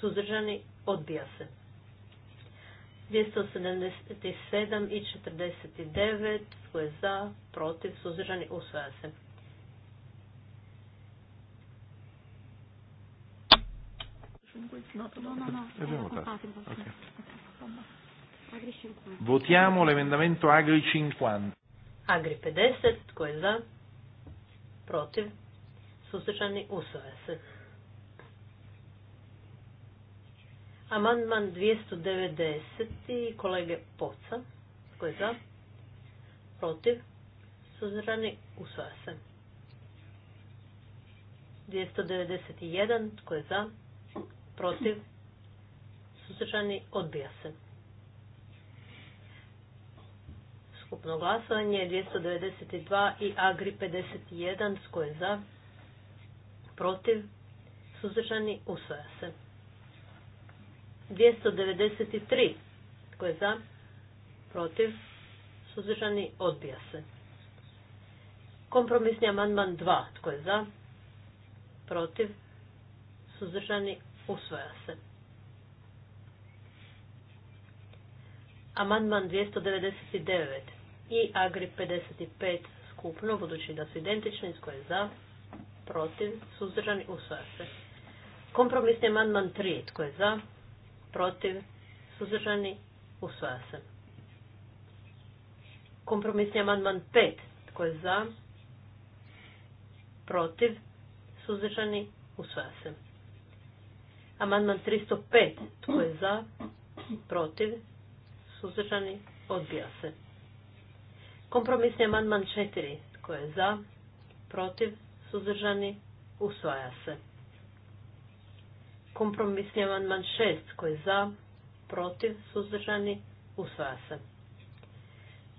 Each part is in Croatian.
suzdržani, odbija se. 277 i 49, tko je za, protiv, suzdržani, usvaja se. Votiamo l'emendamento Agri 50. Agri 50, tko je za, protiv, suzdržani, usvaja se. Amandman 290. kolege Poca. Tko je za? Protiv? Suzrani usvaja se. 291. Tko je za? Protiv? Suzrani odbija se. Skupno glasovanje 292 i Agri 51. Tko je za? Protiv? Suzrani usvaja se. 293. Tko je za? Protiv? Suzdržani? Odbija se. Kompromisni amandman 2. Tko je za? Protiv? Suzdržani? usvoja se. Amandman 299 i Agri 55 skupno, budući da su identični, tko je za? Protiv? Suzdržani? Usvaja se. Kompromisni amandman 3. Tko je za? protiv, suzdržani, usvaja se. Kompromisni amandman 5, tko je za, protiv, suzdržani, usvaja se. Amandman 305, tko je za, protiv, suzdržani, odbija se. Kompromisni amandman 4, tko je za, protiv, suzdržani, usvaja se. Kompromisni amandman 6 koji je za, protiv, suzdržani, usvaja se.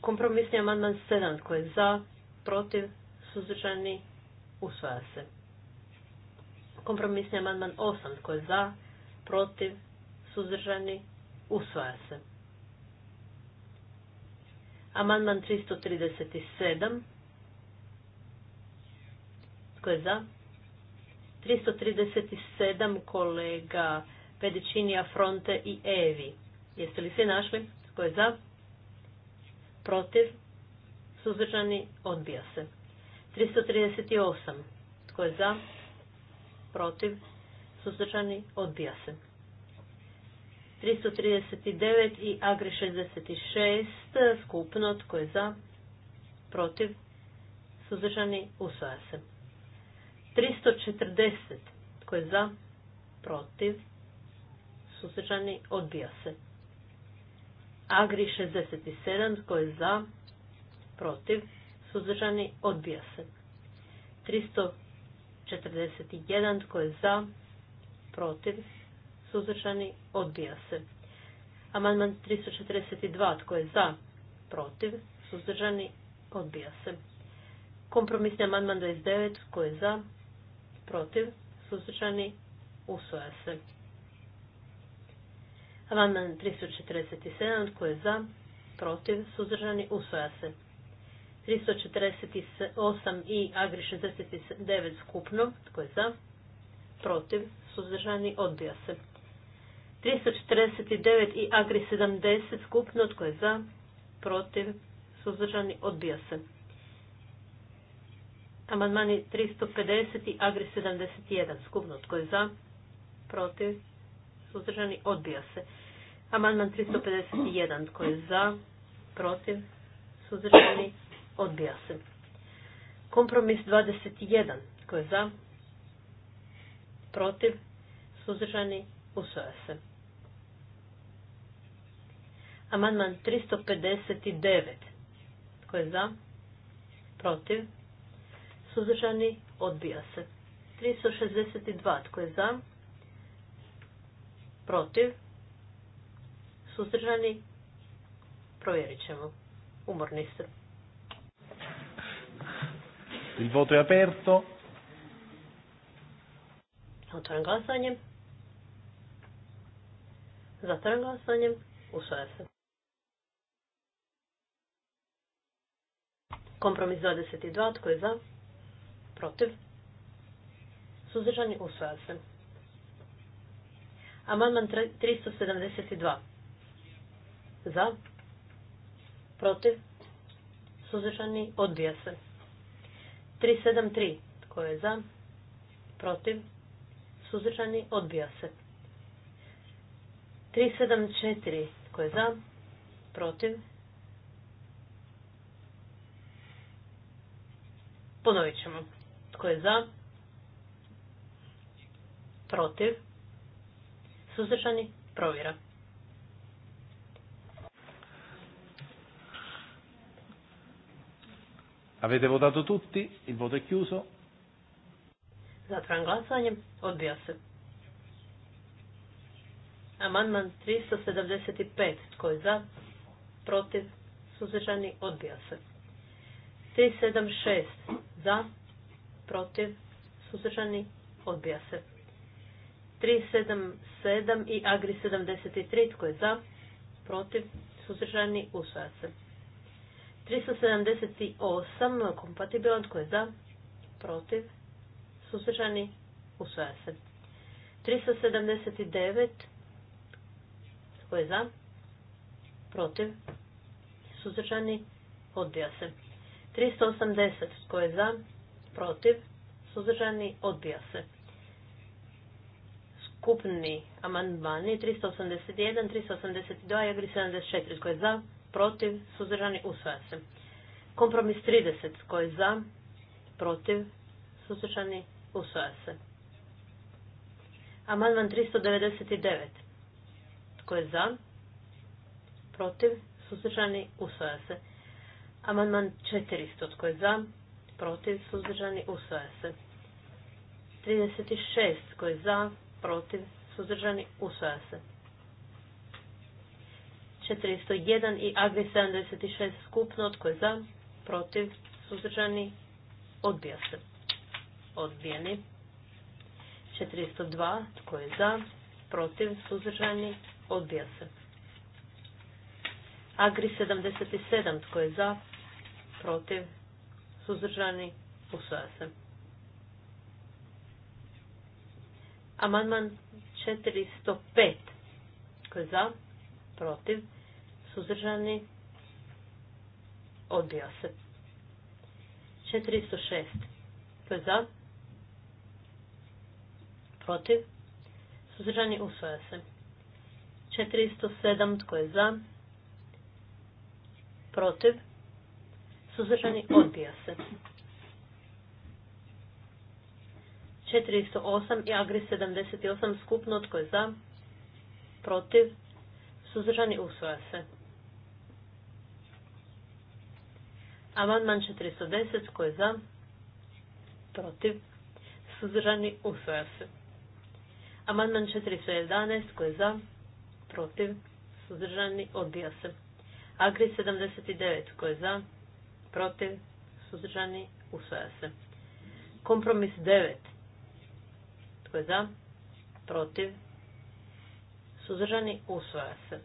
Kompromisni amandman 7 koji je za, protiv, suzdržani, usvaja se. Kompromisni amandman 8 koji je za, protiv, suzdržani, usvaja se. Amandman 337 koji je za, 337 kolega pedicinija Fronte i Evi. Jeste li se našli? Tko je za? Protiv? Suzdržani? Odbija se. 338. Tko je za? Protiv? Suzdržani? Odbija se. 339 i Agri 66. Skupno. Tko je za? Protiv? Suzdržani? Usvaja se. 340. Tko je za? Protiv? Suzdržani? Odbija se. Agri 67. Tko je za? Protiv? Suzdržani? Odbija se. 341. Tko je za? Protiv? Suzdržani? Odbija se. Amandman 342. Tko je za? Protiv? Suzdržani? Odbija se. Kompromisni amandman 29. Tko je za? protiv, suzdržani, usvoja se. Amandman 347, tko je za, protiv, suzdržani, usvoja se. 348 i Agri 69 skupno, tko je za, protiv, suzdržani, odbija se. 349 i Agri 70 skupno, tko je za, protiv, suzdržani, odbija se. Amandmani 350 i Agri 71. Skupno tko je za? Protiv? Suzdržani? Odbija se. Amandman 351. Tko je za? Protiv? Suzdržani? Odbija se. Kompromis 21. Tko je za? Protiv? Suzdržani? Usvaja se. Amandman 359. Tko je za? Protiv? suzdržani, odbija se. 362 tko je za, protiv, suzdržani, provjerit ćemo. Umorni ste. Il voto je aperto. Otvoren glasanje. Zatvoren glasanje. Usvaja se. Kompromis 22. Tko je za? protiv, suzdržani, usvaja se. Amandman 372. Za, protiv, suzdržani, odbija se. 373. Tko je za, protiv, suzdržani, odbija se. 374. Tko je za, protiv, ponovit ćemo. Tko je za? Protiv? Suzdržani? Provjera. Avete votato tutti? Il voto è chiuso. Zatvaram glasanje. Odbija se. Amandman 375. Tko je za? Protiv? Suzdržani? Odbija se. 376. Za? protiv, suzdržani, odbija se. 377 i Agri 73, tko je za, protiv, suzdržani, usvaja se. 378, kompatibilan, tko je za, protiv, suzdržani, usvaja se. 379, tko je za, protiv, suzdržani, odbija se. 380, tko je za, protiv, suzdržani, odbija se. Skupni amandmani 381, 382 i 74, tko je za, protiv, suzdržani, usvaja se. Kompromis 30, tko je za, protiv, suzdržani, usvaja se. Amandman 399, tko je za, protiv, suzdržani, usvaja se. Amandman 400, tko je za, protiv, suzdržani, usvaja se. 36. Tko je za, protiv, suzdržani, usvaja se. 401 i Agri 76 skupno, tko je za, protiv, suzdržani, odbija se. Odbijeni. 402, tko je za, protiv, suzdržani, odbija se. Agri 77, tko je za, protiv, suzdržani, usvaja se. Amandman 405, koji je za, protiv, suzdržani, odbija se. 406, koji je za, protiv, suzdržani, usvaja se. 407, tko je za, protiv, suzdržani, odbija se. 408 i Agri 78 skupno, tko je za, protiv, suzdržani, usvoja se. Amandman 410, tko je za, protiv, suzdržani, usvoja se. Amandman 411, tko je za, protiv, suzdržani, odbija se. Agri 79, tko je za, protiv, suzdržani, usvaja se. Kompromis 9. Tko je za? Protiv, suzdržani, usvaja se.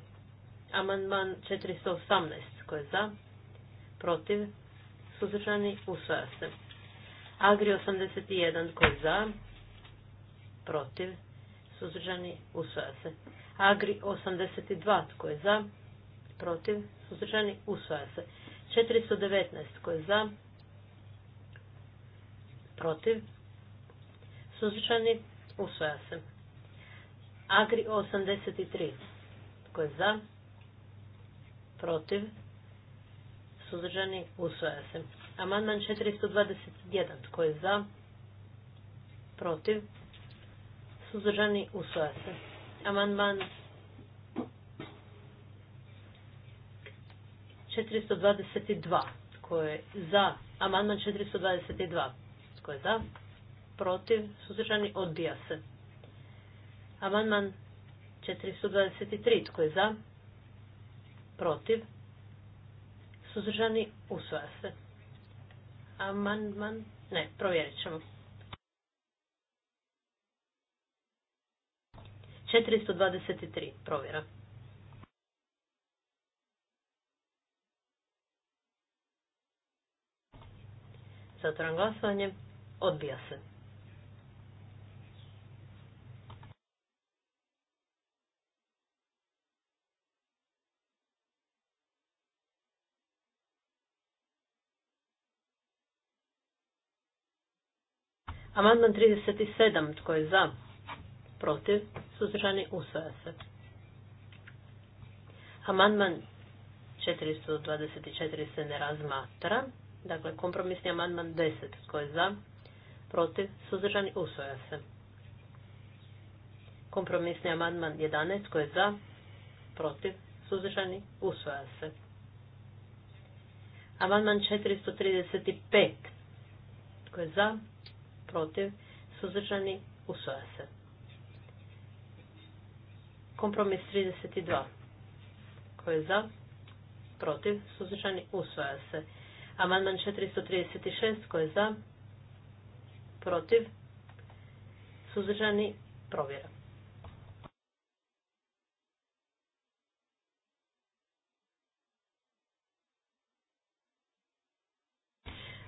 Amandman 418. Tko je za? Protiv, suzdržani, usvaja se. Agri 81. Tko je za? Protiv, suzdržani, usvaja se. Agri 82. Tko je za? Protiv, suzdržani, usvaja se. 419 tko je za, protiv, suzdržani, usvoja se. Agri 83 tko je za, protiv, suzdržani, usvoja se. Amandman 421 tko je za, protiv, suzdržani, usvoja se. Amandman 422. Tko je za? Amandman 422. Tko je za? Protiv? Suzdržani? Odbija se. Amandman 423. Tko je za? Protiv? Suzdržani? Usvaja se. Amandman? Ne, provjerit ćemo. 423. Provjera. Zatvoram glasovanje. Odbija se. Amandman 37. Tko je za? Protiv? Suzdržani? Usvaja se. Amandman 424 se ne razmatra. Dakle, kompromisni amandman 10. Tko je za? Protiv? Suzdržani? Usvoja se. Kompromisni amandman 11. Tko je za? Protiv? Suzdržani? Usvoja se. Amandman 435. Tko je za? Protiv? Suzdržani? Usvoja se. Kompromis 32. Tko je za? Protiv? Suzdržani? Usvoja se. Amandman 436 koji je za, protiv, suzdržani, provjera.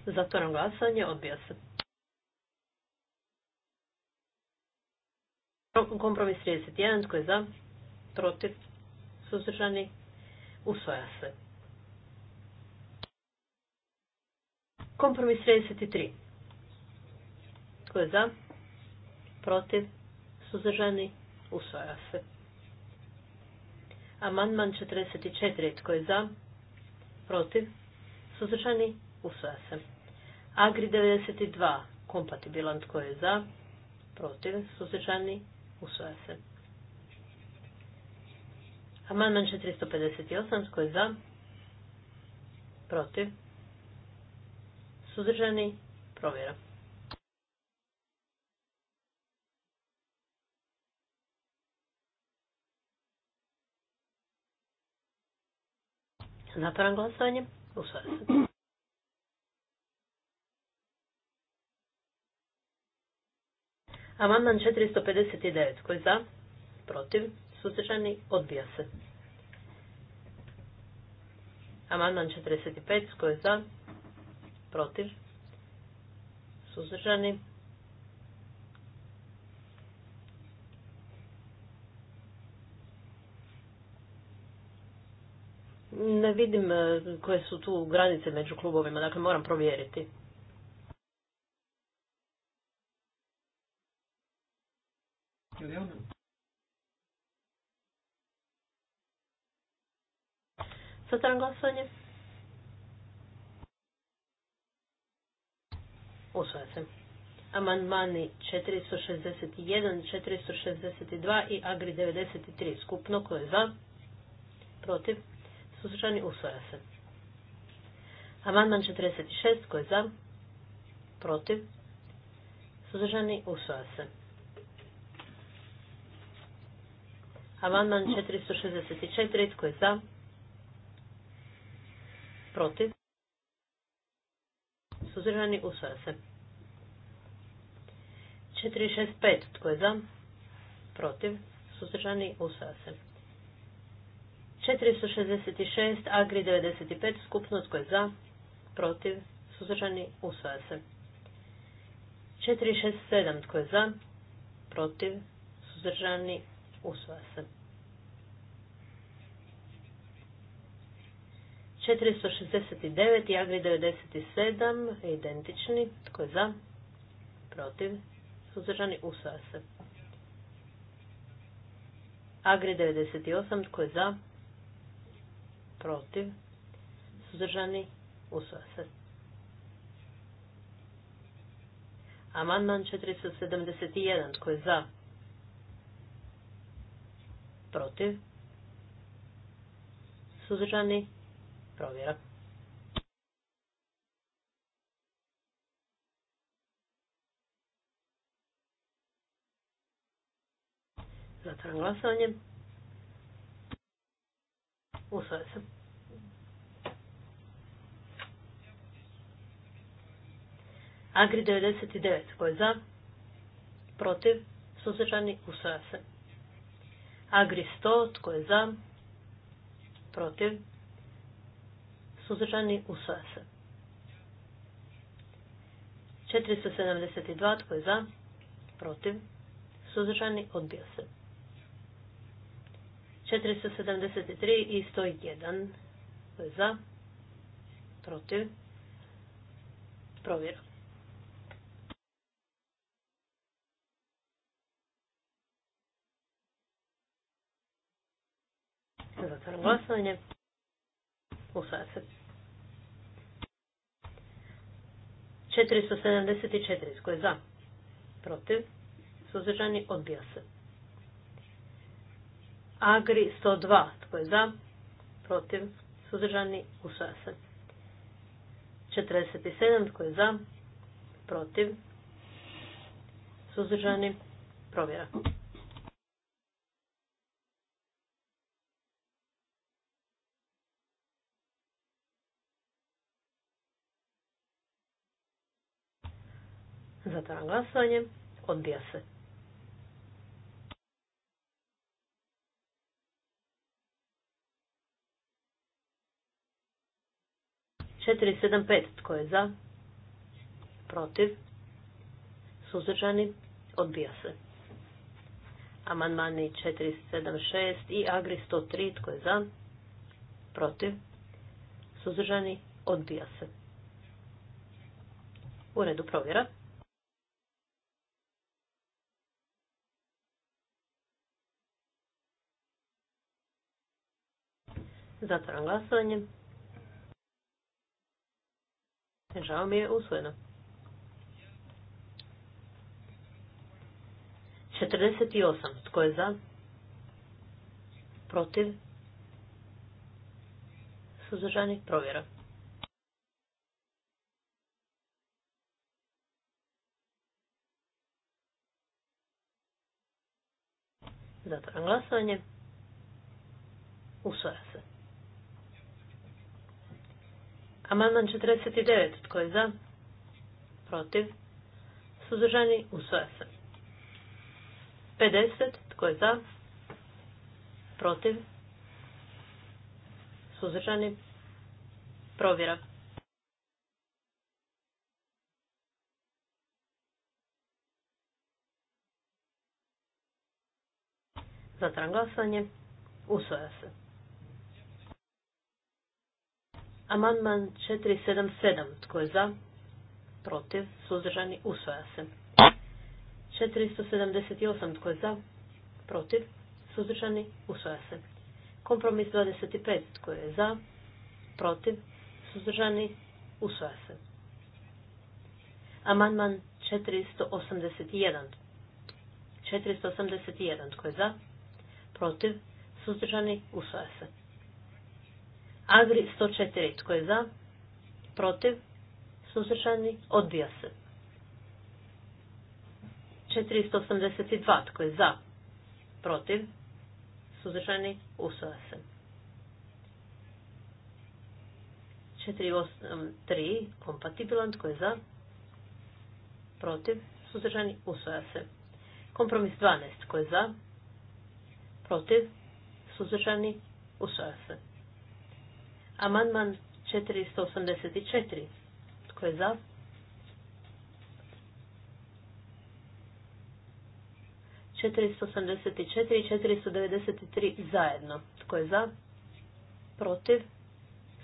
Zatvoram glasanje, odbija se. Kompromis 31, tko je za, protiv, suzdržani, usvoja se. Kompromis 33. Tko je za? Protiv? Suzdržani? Usvaja se. Amandman 44. Tko je za? Protiv? Suzdržani? Usvaja se. Agri 92. Kompatibilan tko je za? Protiv? Suzdržani? Usvaja se. Amandman 458. Tko je za? Protiv? Suzdržani? Provjera. Zatvaram glasovanje. Usvaja se. Amandman 459. Koji za? Protiv? Suzdržani? Odbija se. Amandman 45. Koji za? protiv, suzdržani. Ne vidim e, koje su tu granice među klubovima, dakle moram provjeriti. Zatvaram glasovanje. Usvaja se. Amandmani 461, 462 i Agri 93 skupno. koje je za? Protiv? Suzdržani? Usvaja se. Amandman 46. koje je za? Protiv? Suzdržani? Usvaja se. Amandman 464. koje je za? Protiv? suzdržani, usvaja se. 465, tko je za, protiv, suzdržani, usvaja se. 466, Agri 95, skupno, tko je za, protiv, suzdržani, usvaja se. 467, tko je za, protiv, suzdržani, usvaja se. 469 i Agri 97 identični. Tko je za? Protiv? Suzdržani usvaja se. Agri 98. Tko je za? Protiv? Suzdržani usvaja se. Amandman 471. Tko je za? Protiv? Suzdržani Provjera. Zatvaram glasovanje. Usvaja se. Agri 99. koji je za? Protiv? Suzdržani? Usvaja se. Agri 100. koji je za? Protiv? suzdržani, usvaja se. 472 tko je za, protiv, suzdržani, odbija se. 473 i 101 tko za, protiv, provjera. Zatvaram glasovanje. Usvaja se. 474. Tko je za? Protiv? Suzdržani? Odbija se. Agri 102. Tko je za? Protiv? Suzdržani? Usvaja se. 47. Tko je za? Protiv? Suzdržani? Provjera. Zatvaram glasovanje. Odbija se. Četiri, sedam, pet. Tko je za? Protiv? Suzdržani? Odbija se. Amandmani 476 i Agri 103. Tko je za? Protiv? Suzdržani? Odbija se. U redu provjera. Zatvaram glasovanje. Žao mi je usvojeno. 48. Tko je za? Protiv? Suzdržanih provjera. Zatvaram glasovanje. Usvaja se. Amandman 49. Tko je za? Protiv? Suzdržani? usvoja se. 50. Tko je za? Protiv? Suzdržani? Provjera. Zatran glasanje. Usvaja se. Amandman 477. Tko je za? Protiv. Suzdržani. Usvaja se. 478. Tko je za? Protiv. Suzdržani. Usvaja se. Kompromis 25. Tko je za? Protiv. Suzdržani. Usvaja se. Amandman 481. 481. Tko je za? Protiv. Suzdržani. Usvaja se. Agri 104. Tko je za? Protiv? Suzdržani? Odbija se. 482. Tko je za? Protiv? Suzdržani? Usvaja se. 483. Kompatibilan. Tko je za? Protiv? Suzdržani? Usvaja se. Kompromis 12. Tko je za? Protiv? Suzdržani? Usvaja se. Amandman 484. Tko je za? Četiristo osamdeset četiri i četiristo zajedno. Tko je za? Protiv?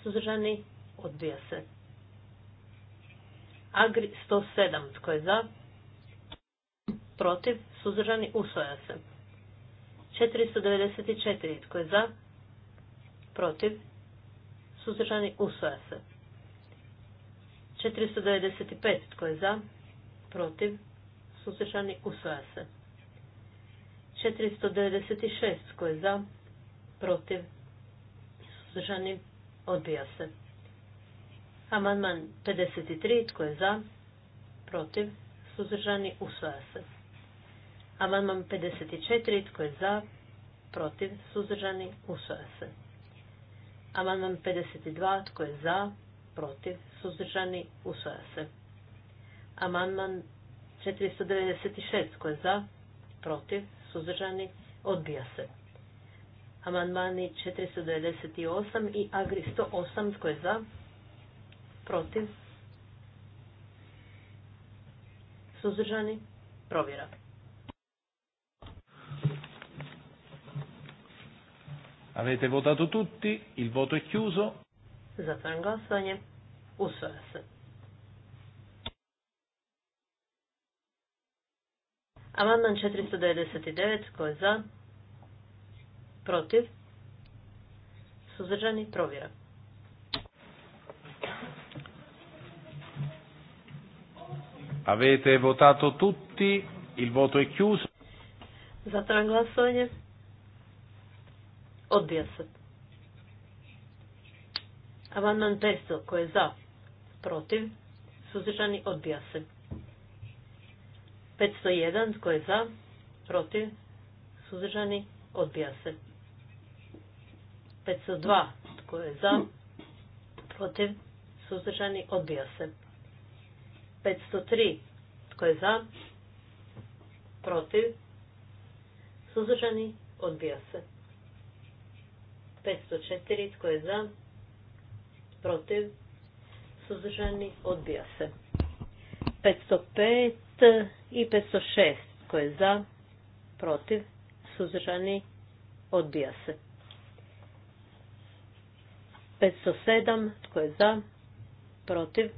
Suzdržani? Odbija se. Agri 107. Tko je za? Protiv? Suzdržani? Usvoja se. 494. Tko je za? Protiv? suzdržani, usvaja se. 495 tko je za, protiv, suzdržani, usvaja se. 496 tko je za, protiv, suzdržani, odbija se. Amandman 53 tko je za, protiv, suzdržani, usvaja se. Amandman 54 tko je za, protiv, suzdržani, usvaja se. Amandman 52. Tko je za? Protiv? Suzdržani? Usvaja se. Amandman 496. Tko je za? Protiv? Suzdržani? Odbija se. Amandmani 498 i Agri 108. Tko je za? Protiv? Suzdržani? Provjera. Avete votato tutti? Il voto è chiuso. glasovanje. Usvaja se. Amandman 499. Ko je za? Protiv? Suzdržani? Provjera. Avete votato tutti? Il voto è chiuso. Zatran glasovanje. Odbija se. nam 10 koje je za, protiv, suzdržani, odbija se. 501 koje je za, protiv, suzdržani, odbija se. 502 koje je za, protiv, suzdržani, odbija se. 503 koje je za, protiv, suzdržani, odbija se. 504. Tko je za? Protiv? Suzdržani? Odbija se. 505 i 506. Tko je za? Protiv? Suzdržani? Odbija se. 507. Tko je za? Protiv?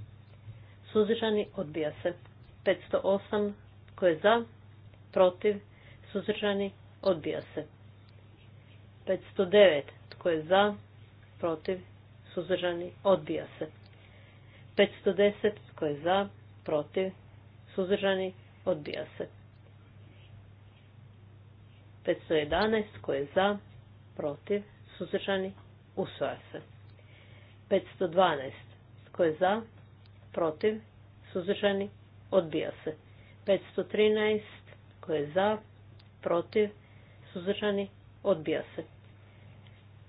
Suzdržani? Odbija se. 508. Tko je za? Protiv? Suzdržani? Odbija se. 509. Tko je za? Protiv? Suzdržani? Odbija se. 510. Tko je za? Protiv? Suzdržani? Odbija se. 511. Tko je za? Protiv? Suzdržani? Usvaja se. 512. Tko je za? Protiv? Suzdržani? Odbija se. 513. Tko je za? Protiv? Suzdržani? Odbija se.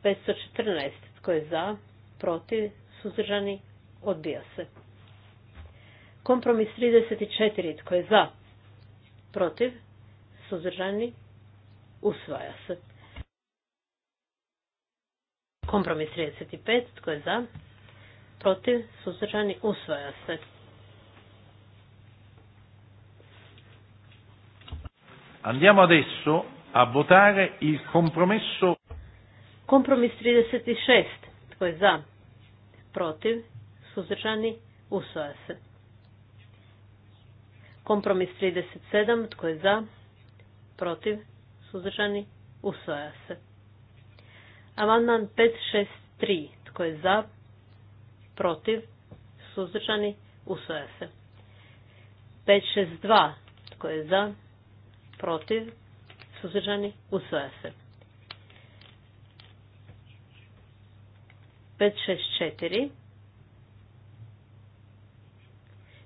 514. Tko je za? Protiv? Suzdržani? Odbija se. Kompromis 34. Tko je za? Protiv? Suzdržani? Usvaja se. Kompromis 35. Tko je za? Protiv? Suzdržani? Usvaja se. Andiamo adesso a votare il compromesso Kompromis 36. Tko je za? Protiv? Suzdržani? Usvaja se. Kompromis 37. Tko je za? Protiv? Suzdržani? Usvaja se. Amandman 563. Tko je za? Protiv? Suzdržani? Usvaja se. 562. Tko je za? Protiv? Suzdržani? Usvaja se. 564.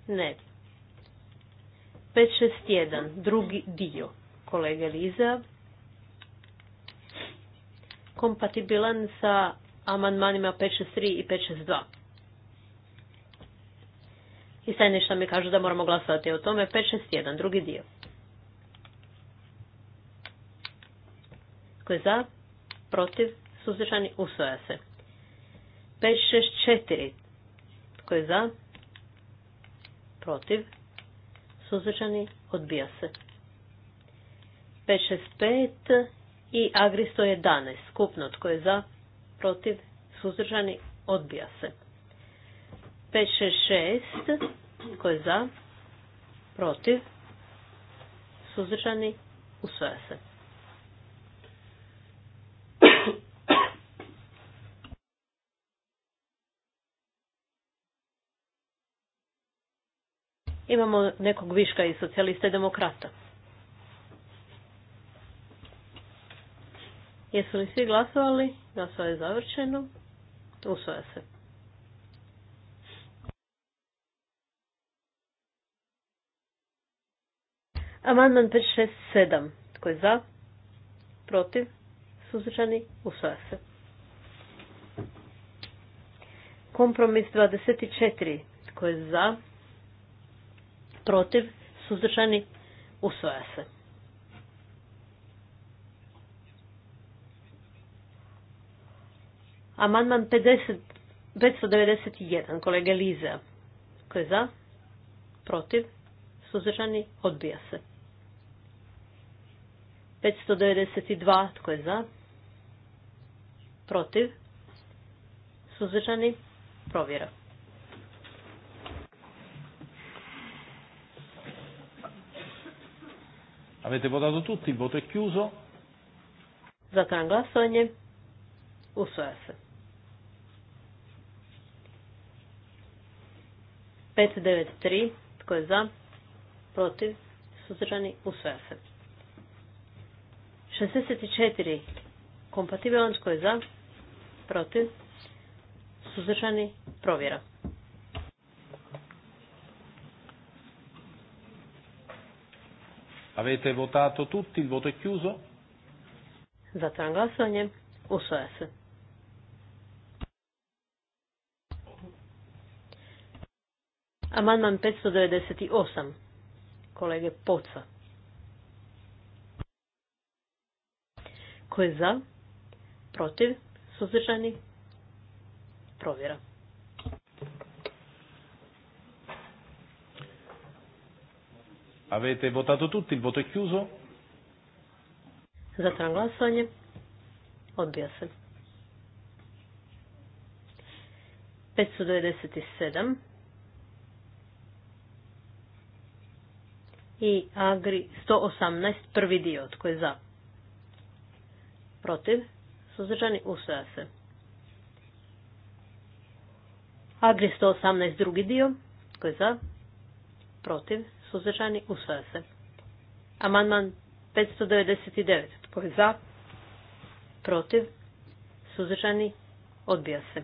Ne. 561. Drugi dio. Kolega Liza. Kompatibilan sa amandmanima 563 i 562. I sad nešto mi kažu da moramo glasovati o tome. 561. Drugi dio. Tko je za? Protiv? Suzdržani? Usvoja se. 564. Tko je za? Protiv? Suzdržani? Odbija se. 565 i Agri 111. Skupno tko je za? Protiv? Suzdržani? Odbija se. 566. Tko je za? Protiv? Suzdržani? Usvaja se. imamo nekog viška i socijalista i demokrata. Jesu li svi glasovali? Glasova je završeno. Usvoja se. Amandman 567. Tko je za? Protiv? Suzdržani? Usvoja se. Kompromis 24. Tko je za? protiv, suzdržani, usvoja se. Amandman 50, 591, kolege Liza. Ko je za? Protiv? Suzdržani? Odbija se. 592, tko je za? Protiv? Suzdržani? Provjera. Avete votato tutti, il voto è chiuso. Zatvaram glasovanje. Pet 593. Tko je za? Protiv? Suzdržani? Usvaja se. 64. Kompatibilan. Tko je za? Protiv? Suzdržani? Provjera. Avete votato tutti? Il voto è chiuso? Zatvaram glasovanje. Usvaja se. Amandman 598. Kolege Poca. Ko je za? Protiv? Suzdržani? Provjera. Avete votato tutti, il voto è chiuso. Zatvaram glasovanje. Odbija se. 597. I Agri 118, prvi dio, tko je za. Protiv, suzdržani, usvaja se. Agri 118, drugi dio, tko je za. Protiv, suzdržani, usvaja se. Amandman 599. Tko je za? Protiv? Suzdržani? Odbija se.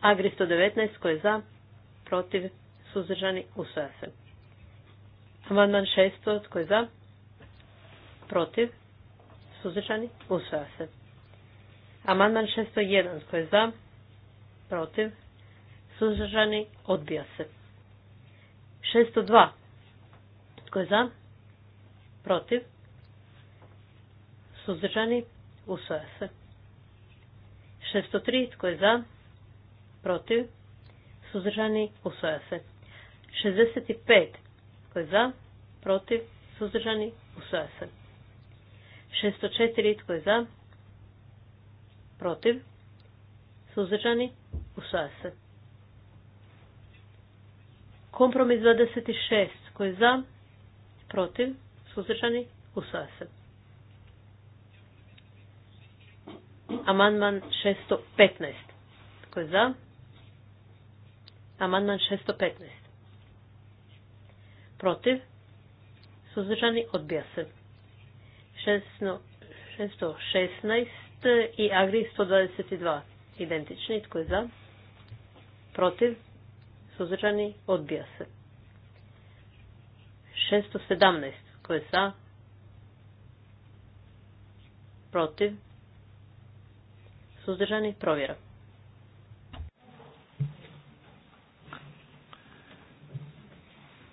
Agri 119. Tko je za? Protiv? Suzdržani? Usvaja se. Amandman 600. Tko je za? Protiv? Suzdržani? Usvaja se. Amandman 601. Tko je za? Protiv? Suzdržani? Odbija se. 602. Tko je za? Protiv? Suzdržani? Usvaja se. 603. Tko je za? Protiv? Suzdržani? Usvaja se. 65. Tko je za? Protiv? Suzdržani? Usvaja se. 604. Tko je za? Protiv? Suzdržani? Usvaja se. Kompromis 26. koji je za? Protiv? Suzdržani? Usvaja se. Amandman 615. koji je za? Amandman 615. Protiv? Suzdržani? Odbija se. 616 i Agri 122. Identični. Tko je za? Protiv? suzdržani, odbija se. 617, tko je za, protiv, suzdržani, provjera.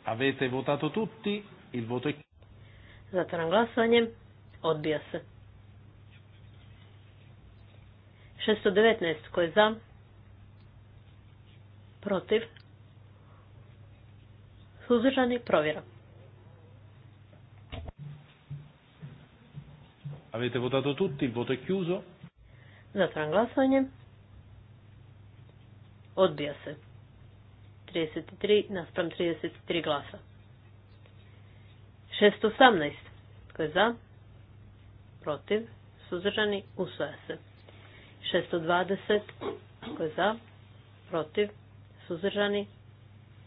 Avete votato tutti, il voto è... Zatvaram glasovanje, odbija se. 619, tko je za, protiv, suzdržani, provjera. Avete votato tutti, il voto è chiuso. Zatvaram glasovanje. Odbija se. 33 naspram 33 glasa. 618. Tko je za? Protiv. Suzdržani. Usvaja se. 620. Tko je za? Protiv. Suzdržani.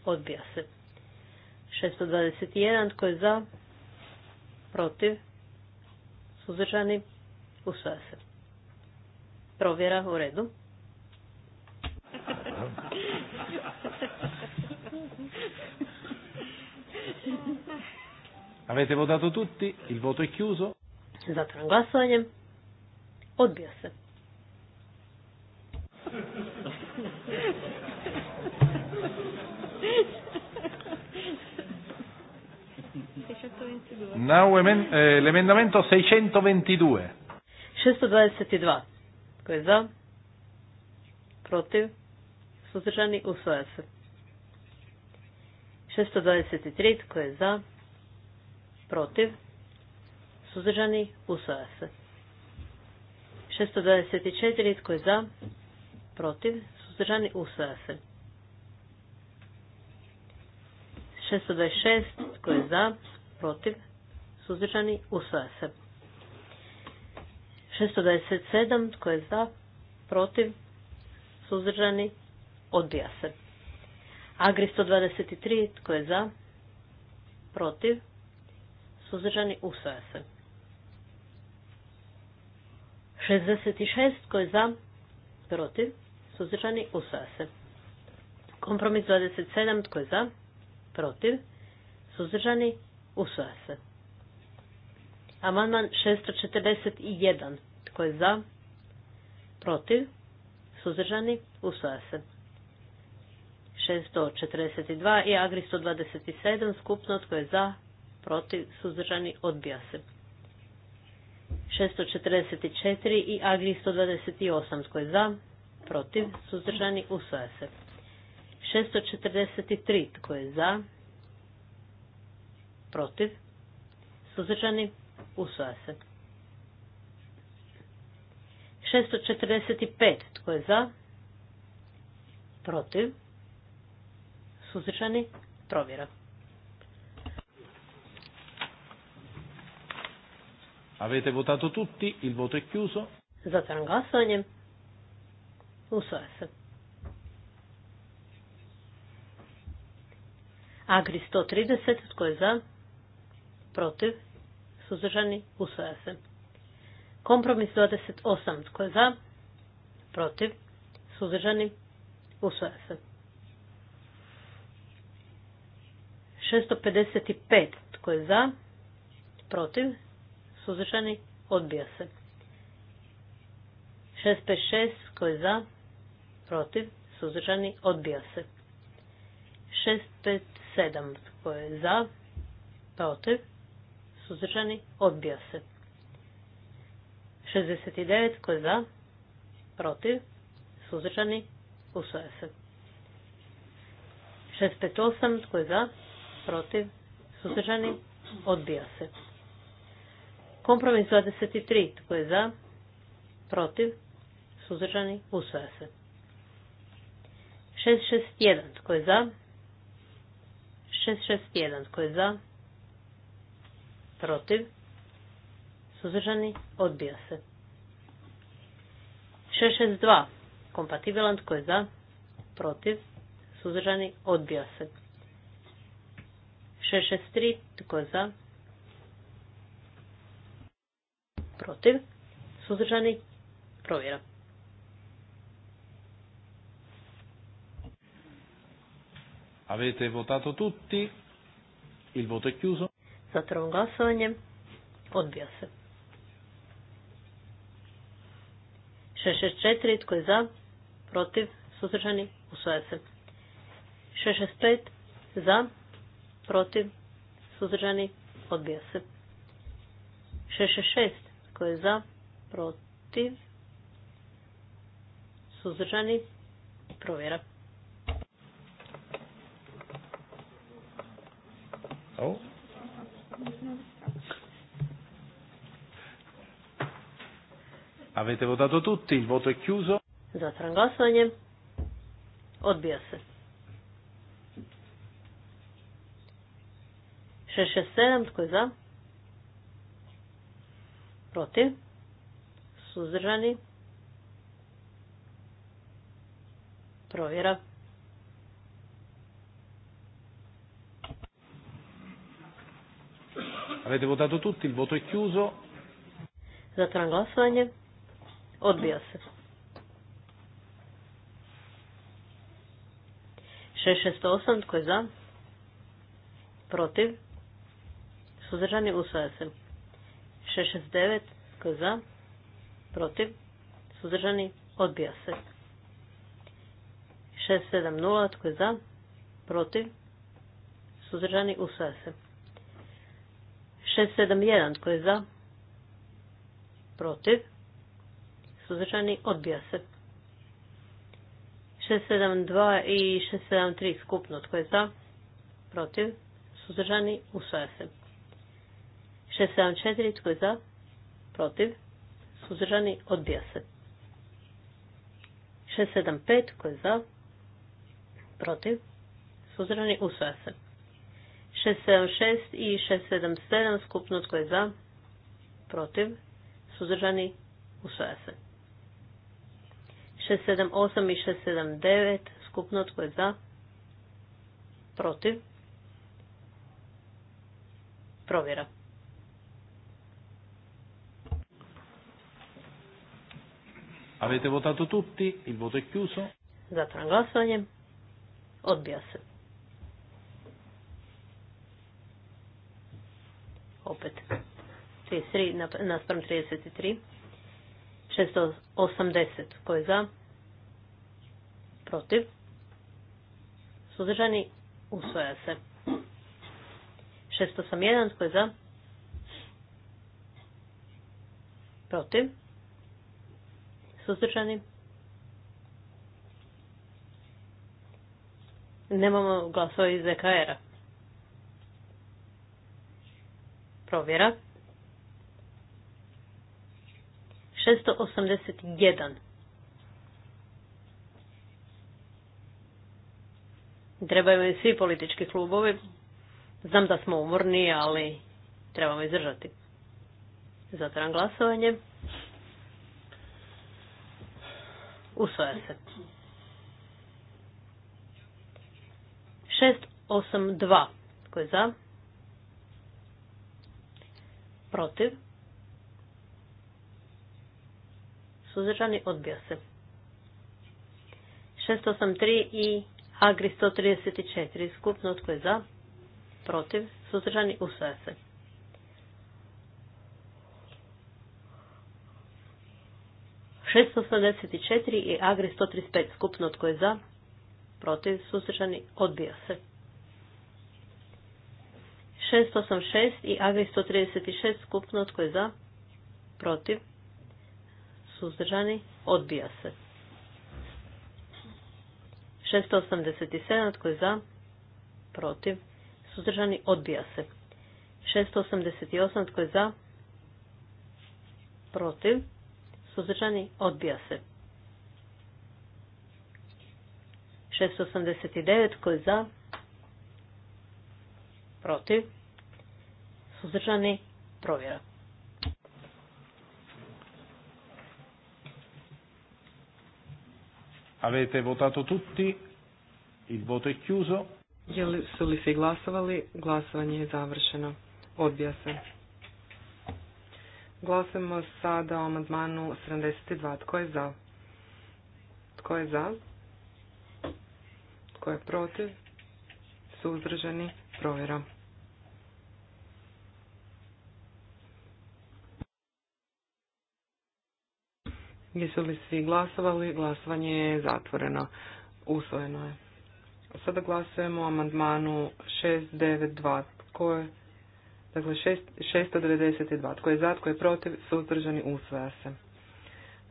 Odbija se. 621. Tko je za? Protiv? Suzdržani? Usvaja se. Provjera u redu. Avete votato tutti? Il voto è chiuso? Zatvoram glasovanje. Odbija se. 622. Now, emen, eh, l'emendamento 622. 622. koji je za? Protiv? Suzdržani? Usvaja se. 623. koji je za? Protiv? Suzdržani? Usvaja se. 624. Tko je za? Protiv? Suzdržani? Usvaja se. 626. Tko je za? protiv, suzdržani, usvaja se. 627, tko je za, protiv, suzdržani, odbija se. Agri 123, tko je za, protiv, suzdržani, usvaja se. 66, tko je za, protiv, suzdržani, usvaja se. Kompromis 27, tko je za, protiv, suzdržani, Usvaja se. Amandman 641. Tko je za? Protiv? Suzdržani? Usvaja se. 642 i Agri 127. Skupno tko je za? Protiv? Suzdržani? Odbija se. 644 i Agri 128. Tko je za? Protiv? Suzdržani? Usvaja se. 643. Tko je za? protiv, suzdržani, usvaja se. 645. Tko je za? Protiv? Suzdržani? Provjera. Avete votato tutti, il voto è chiuso. Zatvaram glasovanje. Usvaja se. Agri 130, tko je za? protiv, suzdržani, usvaja se. Kompromis 28, tko je za, protiv, suzdržani, usvaja se. 655, tko je za, protiv, suzdržani, odbija se. 656, tko je za, protiv, suzdržani, odbija se. 657, tko je za, protiv, suzdržani, odbija se. 69 tko je za, protiv, suzdržani, usvaja se. 658 tko je za, protiv, suzdržani, odbija se. Kompromis 23 tko je za, protiv, suzdržani, usvaja se. 661 tko je za, 661 tko je za, protiv, suzdržani, odbija se. 662. Kompatibilan tko je za, protiv, Suzržani. odbija se. 663. Tko je za, protiv, suzdržani, provjera. Avete votato tutti? Il voto è chiuso trvom glasovanjem. Odbija se. 664. Tko je za? Protiv? Suzdržani? Usvaja se. 665. Za? Protiv? Suzdržani? Odbija se. 666. Tko je za? Protiv? Suzdržani? Provjera. Oh. Avete votato tutti, il voto è chiuso. Zatvaram glasovanje. Odbija se. 667, tko je za? Protiv? Suzdržani? Provjera. Avete votato tutti, il voto è chiuso. Zatvaram glasovanje. Odbija se. osam, Tko je za? Protiv? Suzdržani usvaja se. devet Tko je za? Protiv? Suzdržani odbija se. sedam 670. Tko je za? Protiv? Suzdržani usvaja se. jedan, Tko je za? Protiv? suzdržani, odbija se. 672 i 673 skupno, tko je za, protiv, suzdržani, usvaja se. 674, tko je za, protiv, suzdržani, odbija se. 675, tko je za, protiv, suzdržani, usvaja se. 676 i 677, skupno, tko je za, protiv, suzdržani, usvaja se. 678 i 679 skupno tko je za protiv provjera Avete votato tutti? Il voto è chiuso. Zatvaram glasovanje. Odbija se. Opet. 33 sprem 33. 680. Tko je za? Protiv? Suzdržani? Usvaja se. 681. Tko je za? Protiv? Suzdržani? Nemamo glasova iz EKR-a. Provjera. 681. Trebaju mi svi politički klubovi. Znam da smo umorni, ali trebamo izdržati. Zatvaram glasovanje. Usvoja se. 682. tko je za? Protiv? suzdržani, odbija se. 683 i Agri 134 skupno, tko je za, protiv, suzdržani, usvaja se. 684 i Agri 135 skupno tko je za, protiv, suzdržani, odbija se. 686 i Agri 136 skupno tko je za, protiv, suzdržani, odbija se. 687, tko je za, protiv, suzdržani, odbija se. 688, tko je za, protiv, suzdržani, odbija se. 689, tko je za, protiv, suzdržani, provjera. Avete votato tutti? Il voto è chiuso. su li svi glasovali? Glasovanje je završeno. Odbija se. Glasujemo sada o amandmanu 72. Tko je za? Tko je za? Tko je protiv? Suzdržani? Provjera. Jesu li svi glasovali? Glasovanje je zatvoreno. Usvojeno je. Sada glasujemo o amandmanu 692. Tko je? Dakle, 692. Tko je za, tko je protiv, suzdržani, usvaja se.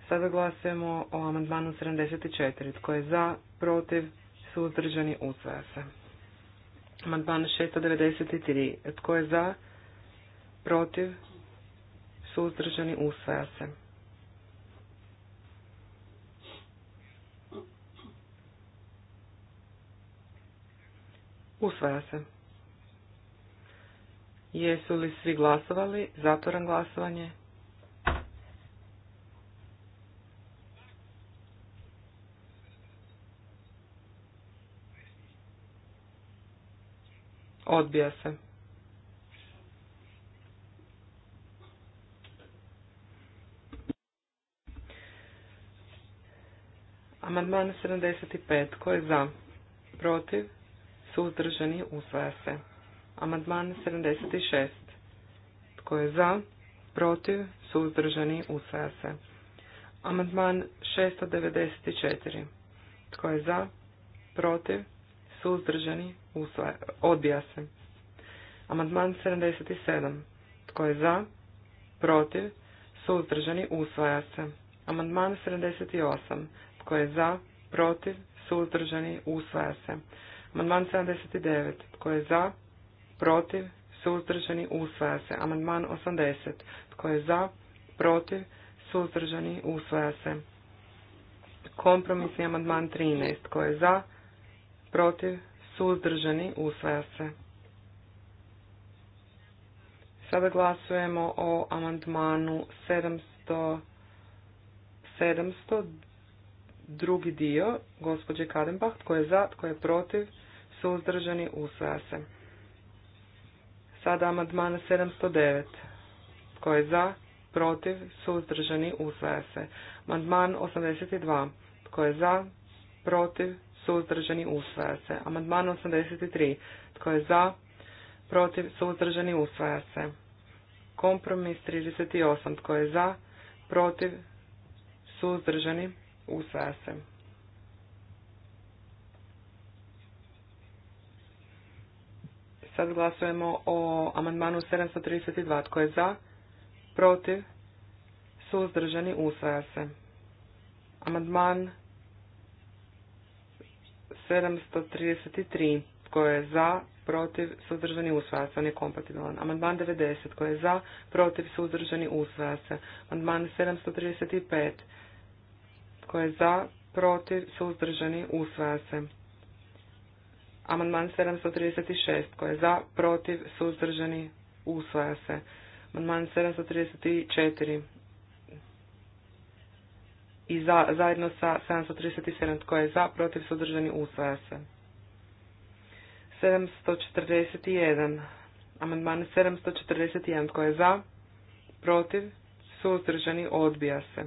Sada glasujemo o amandmanu 74. Tko je za, protiv, suzdržani, usvaja se. Amandman 693. Tko je za, protiv, suzdržani, usvaja se. Usvaja se. Jesu li svi glasovali? Zatvoram glasovanje. Odbija se. Amandman 75. Ko je za? Protiv? suzdržani, usvaja se. Amandman 76. Tko je za, protiv, suzdržani, usvaja se. Amandman 694. Tko je za, protiv, suzdržani, usvaja, odbija se. Amandman 77. Tko je za, protiv, suzdržani, usvaja se. Amandman 78. Tko je za, protiv, suzdržani, usvaja se. Amandman 79. Tko je za? Protiv? Suzdržani? Usvaja se. Amandman 80. Tko je za? Protiv? Suzdržani? Usvaja se. Kompromisni amandman 13. Tko je za? Protiv? Suzdržani? Usvaja se. Sada glasujemo o amandmanu 700, 700 drugi dio, gospođe Kadenbach, tko je za, tko je protiv, suzdržani, usvaja se. Sada amandman 709. Tko je za, protiv, suzdržani, usvaja se. Amandman 82. Tko je za, protiv, suzdržani, usvaja se. Amandman 83. Tko je za, protiv, suzdržani, usvaja se. Kompromis 38. Tko je za, protiv, suzdržani, usvaja se. Sad glasujemo o amandmanu 732. Tko je za? Protiv? Suzdržani? Usvaja se. Amandman 733. Tko je za? Protiv? Suzdržani? Usvaja se. On je kompatibilan. Amandman 90. Tko je za? Protiv? Suzdržani? Usvaja se. Amandman 735. Tko je za? Protiv? Suzdržani? Usvaja se. Amandman 736 koji je za, protiv, suzdržani, usvaja se. Amandman 734 i za, zajedno sa 737 tko je za, protiv, suzdržani, usvaja se. 741. Amandman 741 tko je za, protiv, suzdržani, odbija se.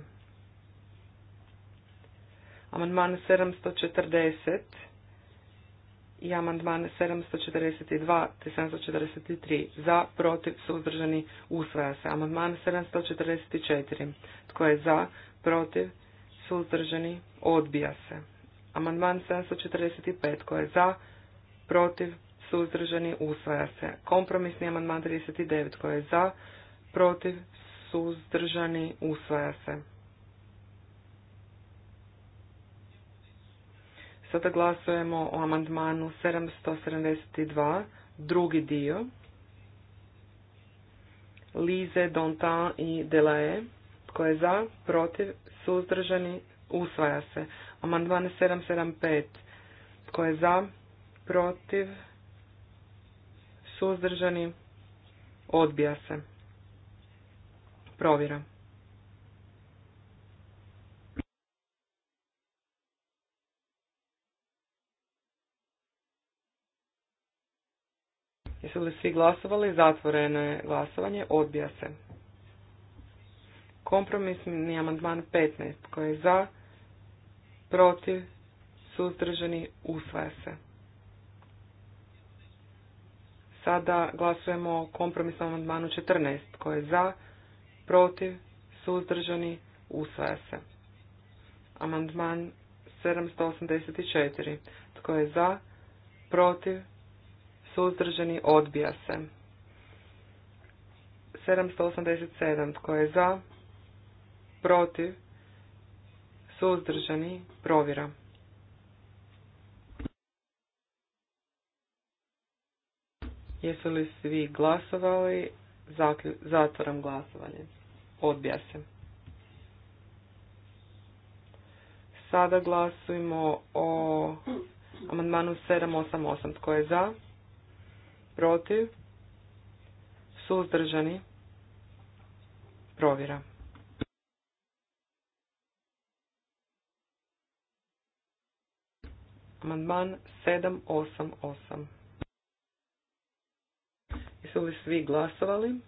Amandman 740 i amandmane 742 te 743 za, protiv, suzdržani, usvaja se. Amandman 744. Tko je za, protiv, suzdržani, odbija se. Amandman 745. Tko je za, protiv, suzdržani, usvaja se. Kompromisni amandman 39. Tko je za, protiv, suzdržani, usvaja se. Sada glasujemo o amandmanu 772, drugi dio. Lize, Dontan i Delae. Tko je za, protiv, suzdržani, usvaja se. Amandman 775. Tko je za, protiv, suzdržani, odbija se. Provjera. Jesu li svi glasovali? Zatvoreno je glasovanje. Odbija se. Kompromisni amandman 15. Koji je za, protiv, suzdržani, usvaja se. Sada glasujemo o kompromisnom amandmanu 14. Koji je za, protiv, suzdržani, usvaja se. Amandman 784. Tko je za, protiv, suzdržani, odbija se. 787. Tko je za? Protiv? Suzdržani? Provjera. Jesu li svi glasovali? Zatvoram glasovanje. Odbija se. Sada glasujemo o amandmanu 788. Tko je za? protiv, suzdržani, provjera. Amandman 788. Jesu li svi glasovali?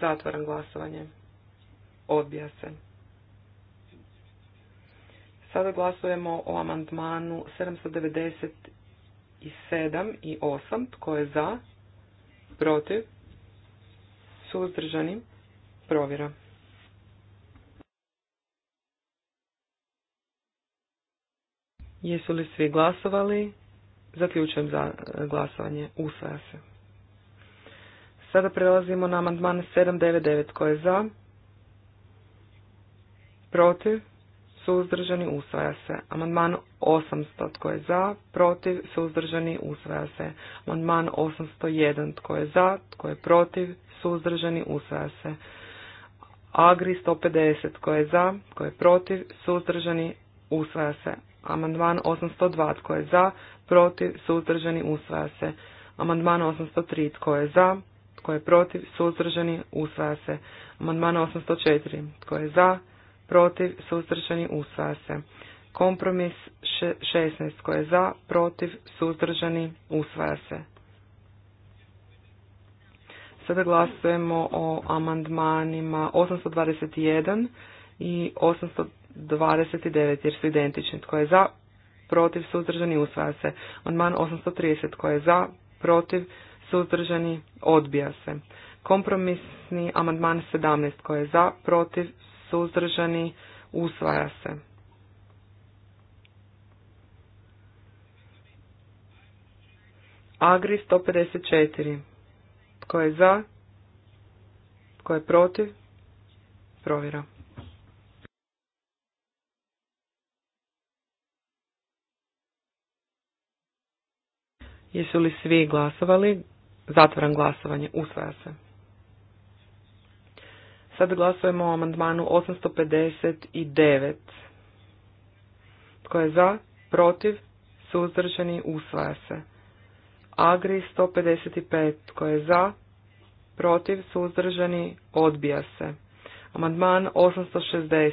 Zatvaram glasovanje. Odbija se. Sada glasujemo o amandmanu 797 i 8. Tko je za? protiv, suzdržani, provjera. Jesu li svi glasovali? Zaključujem za e, glasovanje. Usvaja se. Sada prelazimo na amandman 799. Tko je za? Protiv? suzdržani, usvaja se. Amandman 800, tko je za, protiv, suzdržani, usvaja se. Amandman 801, tko je za, tko je protiv, suzdržani, usvaja se. Agri 150, tko je za, tko je protiv, suzdržani, usvaja se. Amandman 802, tko je za, protiv, suzdržani, usvaja se. Amandman 803, tko je za, tko je protiv, suzdržani, usvaja se. Amandman 804, tko je za, protiv, suzdržani, usvaja se. Kompromis 16 koje je za, protiv, suzdržani, usvaja se. Sada glasujemo o amandmanima 821 i 829 jer su identični. Tko je za, protiv, suzdržani, usvaja se. Amandman 830 tko je za, protiv, suzdržani, odbija se. Kompromisni amandman 17 koje je za, protiv, suzdržani, usvaja se. Agri 154. Tko je za? Tko je protiv? Provjera. Jesu li svi glasovali? Zatvaram glasovanje. Usvaja se. Sada glasujemo o amandmanu 859. Tko je za? Protiv? Suzdržani? Usvaja se. Agri 155. Tko je za? Protiv? Suzdržani? Odbija se. Amandman 860.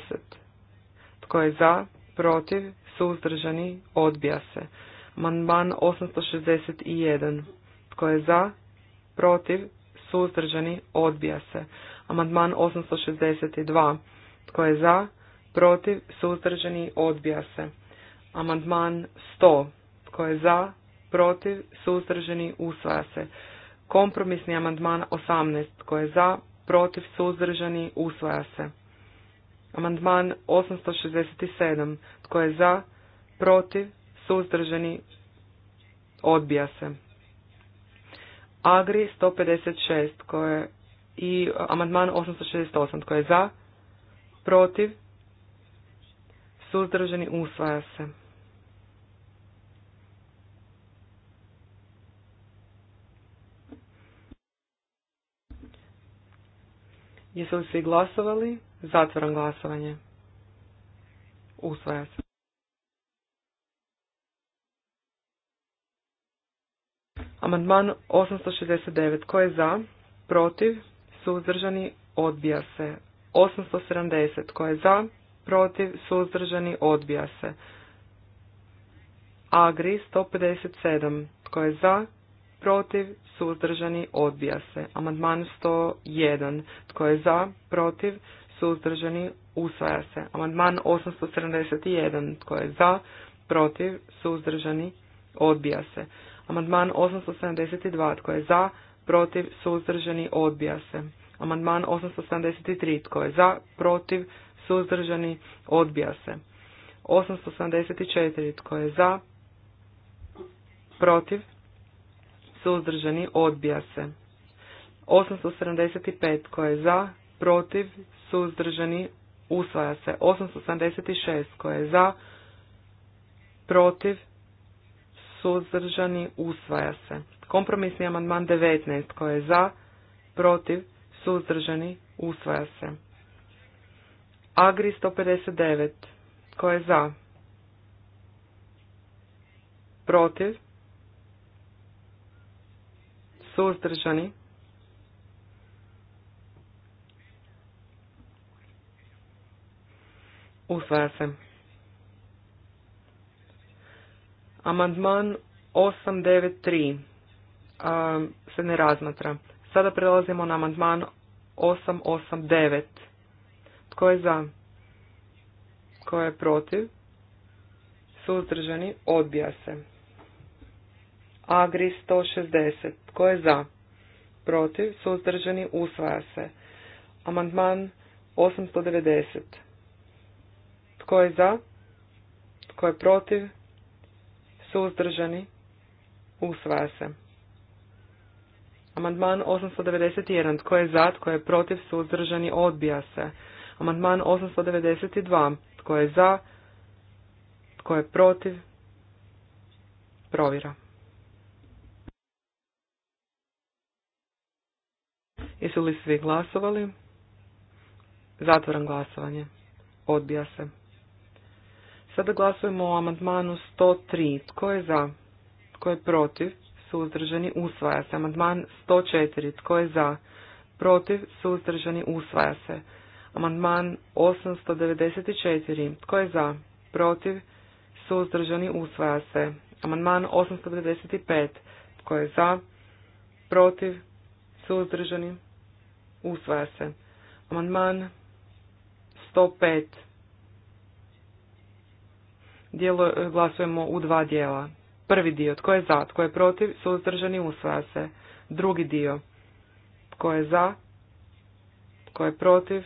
Tko je za? Protiv? Suzdržani? Odbija se. Amandman 861. Tko je za? Protiv? Suzdržani? Odbija se. Amandman 862. Tko je za? Protiv? Suzdržani? Odbija se. Amandman 100. Tko je za? Protiv? Suzdržani? Usvaja se. Kompromisni amandman 18. Tko je za? Protiv? Suzdržani? Usvaja se. Amandman 867. Tko je za? Protiv? Suzdržani? Odbija se. Agri 156. Tko je i amandman 868 koji je za, protiv, suzdržani, usvaja se. Jesu li svi glasovali? Zatvaram glasovanje. Usvaja se. Amandman 869. Ko je za? Protiv? suzdržani, odbija se. 870 tko je za, protiv, suzdržani, odbija se. Agri 157 tko je za, protiv, suzdržani, odbija se. Amandman 101 tko je za, protiv, suzdržani, usvaja se. Amandman 871 tko je za, protiv, suzdržani, odbija se. Amandman 872 tko je za, protiv, suzdržani, odbija se. Amandman 873. Tko je za, protiv, suzdržani, odbija se. 874. Tko je za, protiv, suzdržani, odbija se. 875. Tko je za, protiv, suzdržani, usvaja se. 876. Tko je za, protiv, suzdržani, usvaja se. Kompromisni amandman 19 koje je za, protiv, suzdržani, usvaja se. Agri 159 koje je za, protiv, suzdržani, usvaja se. Amandman 893 a, se ne razmatra. Sada prelazimo na amandman 889. Tko je za? Tko je protiv? Suzdržani odbija se. Agri 160. Tko je za? Protiv? Suzdržani usvaja se. Amandman 890. Tko je za? Tko je protiv? suzdržani, usvaja se. Amandman 891. Tko je za, tko je protiv, suzdržani, odbija se. Amandman 892. Tko je za, tko je protiv, provjera. Jesu li svi glasovali? Zatvoran glasovanje. Odbija se. Sada glasujemo o amandmanu 103. Tko je za? Tko je protiv? Suzdržani usvaja se. Amandman 104. Tko je za? Protiv? Suzdržani usvaja se. Amandman 894. Tko je za? Protiv? Suzdržani usvaja se. Amandman 895. Tko je za? Protiv? Suzdržani usvaja se. Amandman 105 dijelo e, glasujemo u dva dijela. Prvi dio, tko je za, tko je protiv, suzdržani, usvaja se. Drugi dio, tko je za, tko je protiv,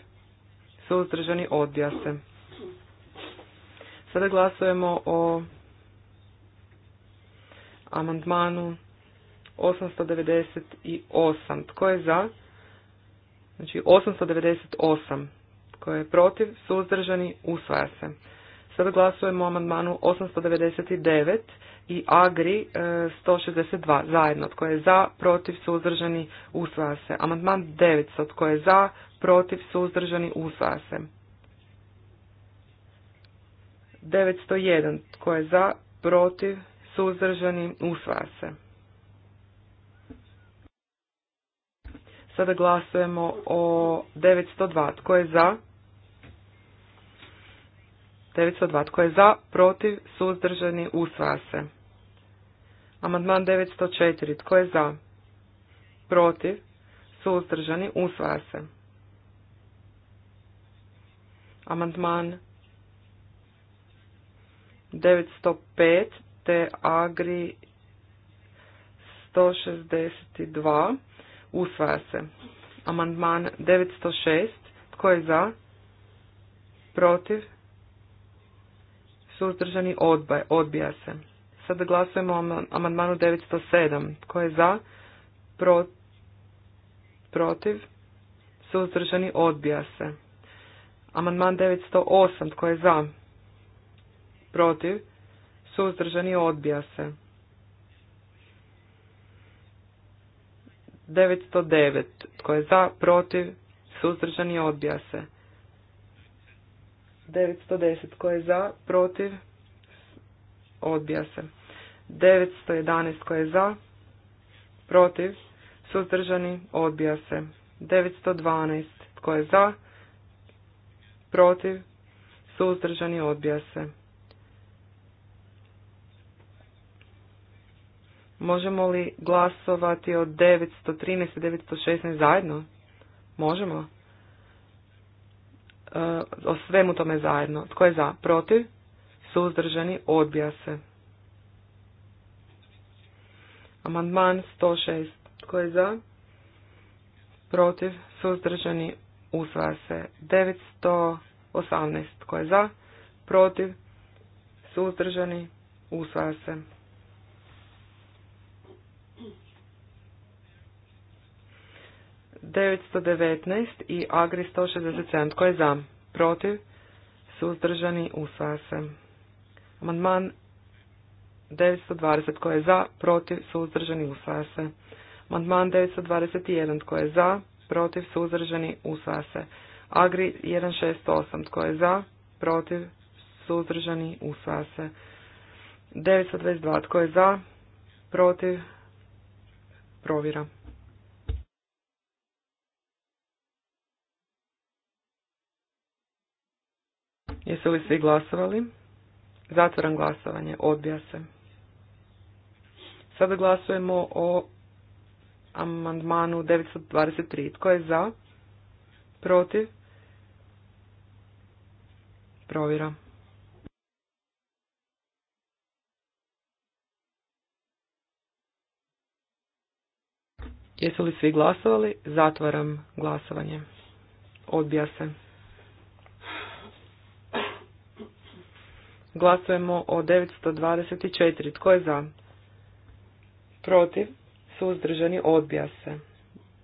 suzdržani, odbija se. Sada glasujemo o amandmanu 898. Tko je za? Znači 898. Tko je protiv? Suzdržani? Usvaja se. Sada glasujemo o amandmanu 899 i Agri 162 e, zajedno, tko je za, protiv, suzdržani, usvaja se. Amandman 900, tko je za, protiv, suzdržani, usvaja se. 901, tko je za, protiv, suzdržani, usvaja se. Sada glasujemo o 902, tko je za, 902. Tko je za, protiv, suzdržani, usvaja se. Amandman 904. Tko je za, protiv, suzdržani, usvaja se. Amandman 905 te Agri 162 usvaja se. Amandman 906 tko je za? Protiv? suzdržani odbaj, odbija se. Sada glasujemo o amandmanu 907. Tko je za? Pro, protiv? Suzdržani odbija se. Amandman 908. Tko je za? Protiv? Suzdržani odbija se. 909. Tko je za? Protiv? Suzdržani odbija se. 910 tko je za, protiv, odbija se. 911 tko je za, protiv, suzdržani, odbija se. 912 tko je za, protiv, suzdržani, odbija se. Možemo li glasovati od 913 i 916 zajedno? Možemo o svemu tome zajedno. Tko je za? Protiv? Suzdržani? Odbija se. Amandman 106. Tko je za? Protiv? Suzdržani? Usvaja se. 918. Tko je za? Protiv? Suzdržani? Usvaja se. 919 i Agri 167. Tko je za? Protiv? Suzdržani? Usvaja se. Amandman 920. Tko je za? Protiv? Suzdržani? Usvaja se. Amandman 921. Tko je za? Protiv? Suzdržani? Usvaja se. Agri 168. Tko je za? Protiv? Suzdržani? Usvaja se. 922. Tko je za? Protiv? Provjera. Jesu li svi glasovali? Zatvoram glasovanje. Odbija se. Sada glasujemo o amandmanu 923. Tko je za? Protiv? Provjera. Jesu li svi glasovali? Zatvaram glasovanje. Odbija se. Glasujemo o 924. Tko je za? Protiv? Suzdržani? Odbija se.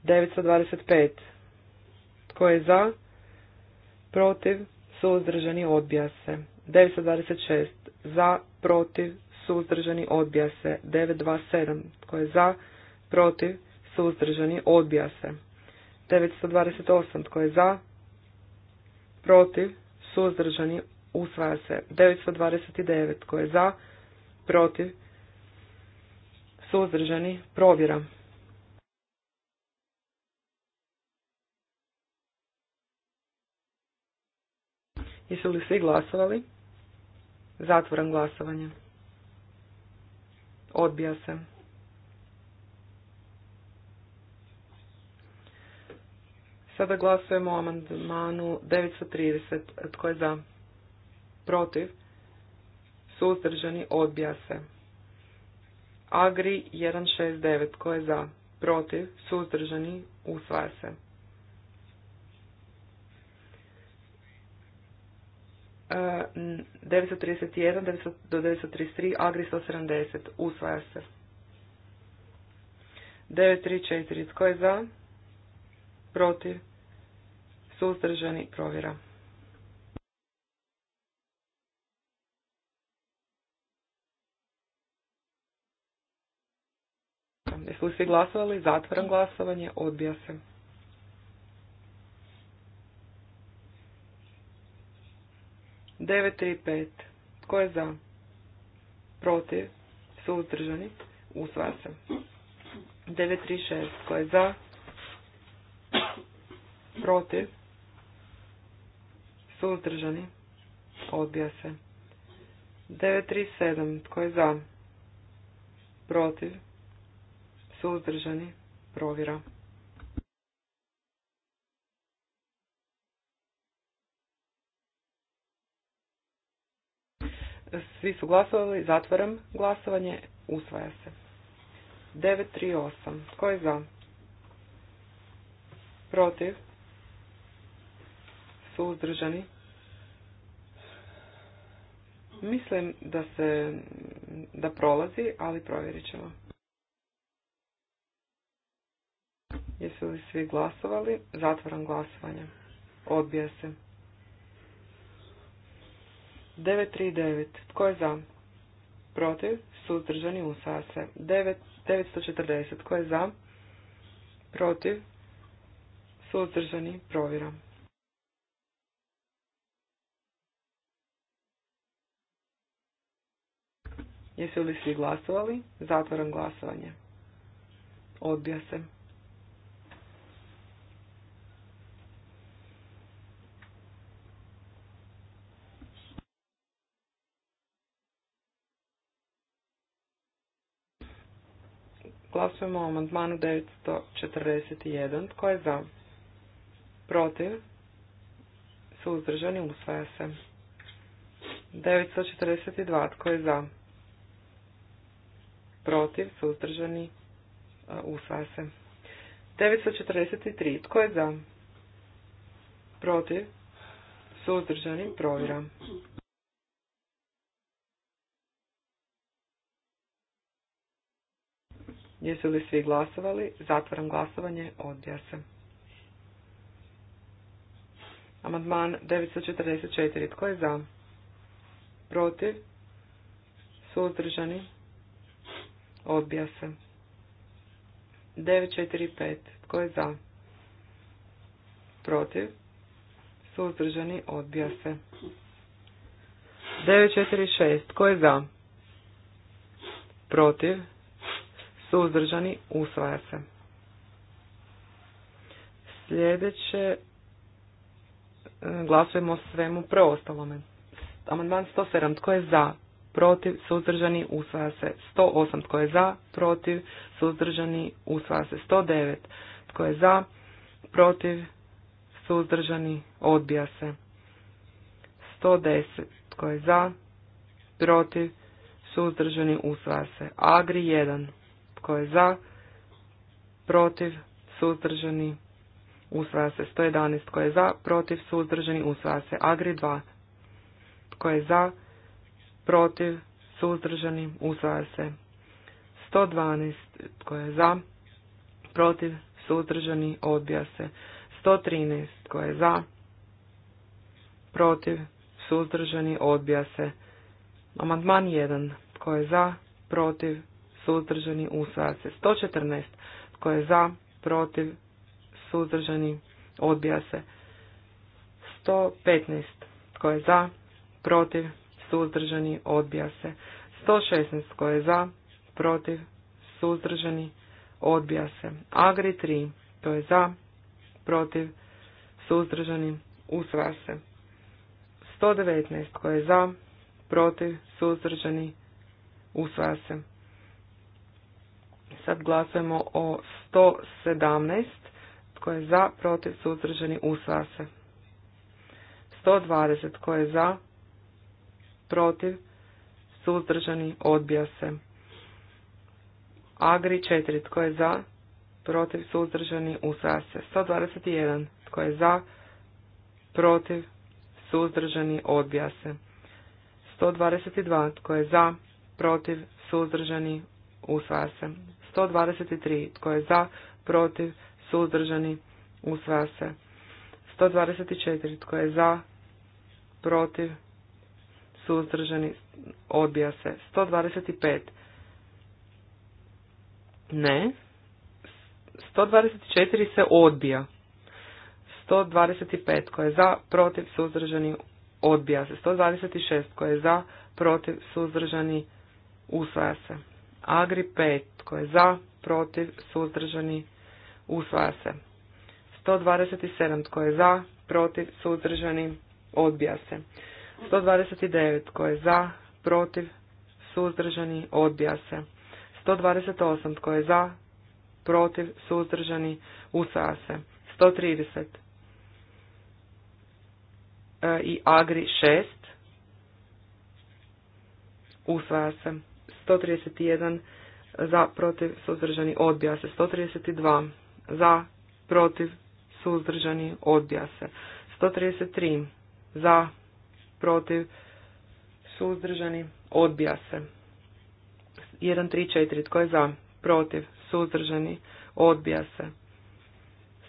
925. Tko je za? Protiv? Suzdržani? Odbija se. 926. Za? Protiv? Suzdržani? Odbija se. 927. Tko je za? Protiv? Suzdržani? Odbija se. 928. Tko je za? Protiv? Suzdržani? usvaja se. 929 koje je za, protiv, suzdržani, provjera. Jesu li svi glasovali? Zatvoram glasovanje. Odbija se. Sada glasujemo o amandmanu 930. Tko je za? protiv, suzdržani, odbija se. Agri 169, tko je za, protiv, suzdržani, usvaja se. 931 e, do 933, Agri 170, usvaja se. 934, tko je za, protiv, suzdržani, provjera. Jesu svi glasovali? Zatvaram glasovanje. Odbija se. Devet, tri, pet. Tko je za? Protiv? Suzdržani? Usvaja se. 936. Tko je za? Protiv? Suzdržani? Odbija se. 937. Tko je za? Protiv? suzdržani, provjera. Svi su glasovali, zatvaram glasovanje, usvaja se. 938. Tko je za? Protiv? Suzdržani? Mislim da se, da prolazi, ali provjerit ćemo. Jesu li svi glasovali? Zatvaram glasovanje. Odbija se. 939. Tko je za? Protiv? Suzdržani usvaja se. 9, 940. Tko je za? Protiv? Suzdržani provjera. Jesu li svi glasovali? Zatvaram glasovanje. Odbija se. Glasujemo o amandmanu 941. Tko je za? Protiv? Suzdržani usvaja se. 942. Tko je za? Protiv? Suzdržani e, usvaja se. 943. Tko je za? Protiv? Suzdržani provjera. Jesu li svi glasovali? Zatvaram glasovanje. Odbija se. Amandman 944. Tko je za? Protiv? Suzdržani? Odbija se. 945. Tko je za? Protiv? Suzdržani? Odbija se. 946. Tko je za? Protiv? suzdržani, usvaja se. Sljedeće, e, glasujemo svemu preostalome. Amandman 107, tko je za, protiv, suzdržani, usvaja se. 108, tko je za, protiv, suzdržani, usvaja se. 109, tko je za, protiv, suzdržani, odbija se. 110, tko je za, protiv, suzdržani, usvaja se. Agri 1, tko je za? Protiv? Suzdržani? Usvaja se 111. Tko je za? Protiv? Suzdržani? Usvaja se Agri 2. Tko je za? Protiv? Suzdržani? Usvaja se 112. Tko je za? Protiv? Suzdržani? Odbija se 113. Tko je za? Protiv? Suzdržani? Odbija se Amandman 1. Tko je za? Protiv? suzdržani, usvaja se. 114. Tko je za, protiv, suzdržani, odbija se. 115. Tko je za, protiv, suzdržani, odbija se. 116. Tko je za, protiv, suzdržani, odbija se. Agri 3. Tko je za, protiv, suzdržani, usvaja se. 119. Tko je za, protiv, suzdržani, usvaja se sad glasujemo o 117. Tko je za, protiv, suzdržani, usvaja se. 120. Tko je za, protiv, suzdržani, odbija se. Agri 4. Tko je za, protiv, suzdržani, usva se. 121. Tko je za, protiv, suzdržani, odbija se. 122. Tko je za, protiv, suzdržani, usvaja se. 123. Tko je za, protiv, suzdržani, usvaja se. 124. Tko je za, protiv, suzdržani, odbija se. 125. Ne. 124 se odbija. 125 koje je za, protiv, suzdržani, odbija se. 126 koje je za, protiv, suzdržani, usvaja se. Agri 5 tko je za, protiv, suzdržani, usvaja se. 127. Tko je za, protiv, suzdržani, odbija se. 129. Tko je za, protiv, suzdržani, odbija se. 128. Tko je za, protiv, suzdržani, usvaja se. 130. E, I Agri 6. Usvaja se. 131 za, protiv, suzdržani, odbija se. 132 za, protiv, suzdržani, odbija se. 133 za, protiv, suzdržani, odbija se. 134 tko je za, protiv, suzdržani, odbija se.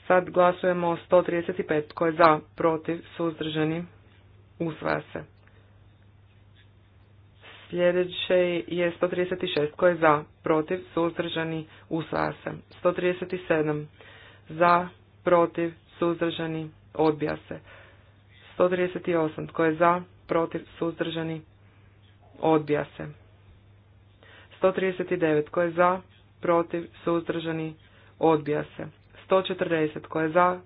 Sad glasujemo 135 tko je za, protiv, suzdržani, usvaja se. Sljedeće je 136. Ko je za? Protiv? Suzdržani? Usvaja se. 137. Za? Protiv? Suzdržani? Odbija se. 138. Tko je za? Protiv? Suzdržani? Odbija se. 139. Tko je za? Protiv? Suzdržani? Odbija se. 140. Tko je za?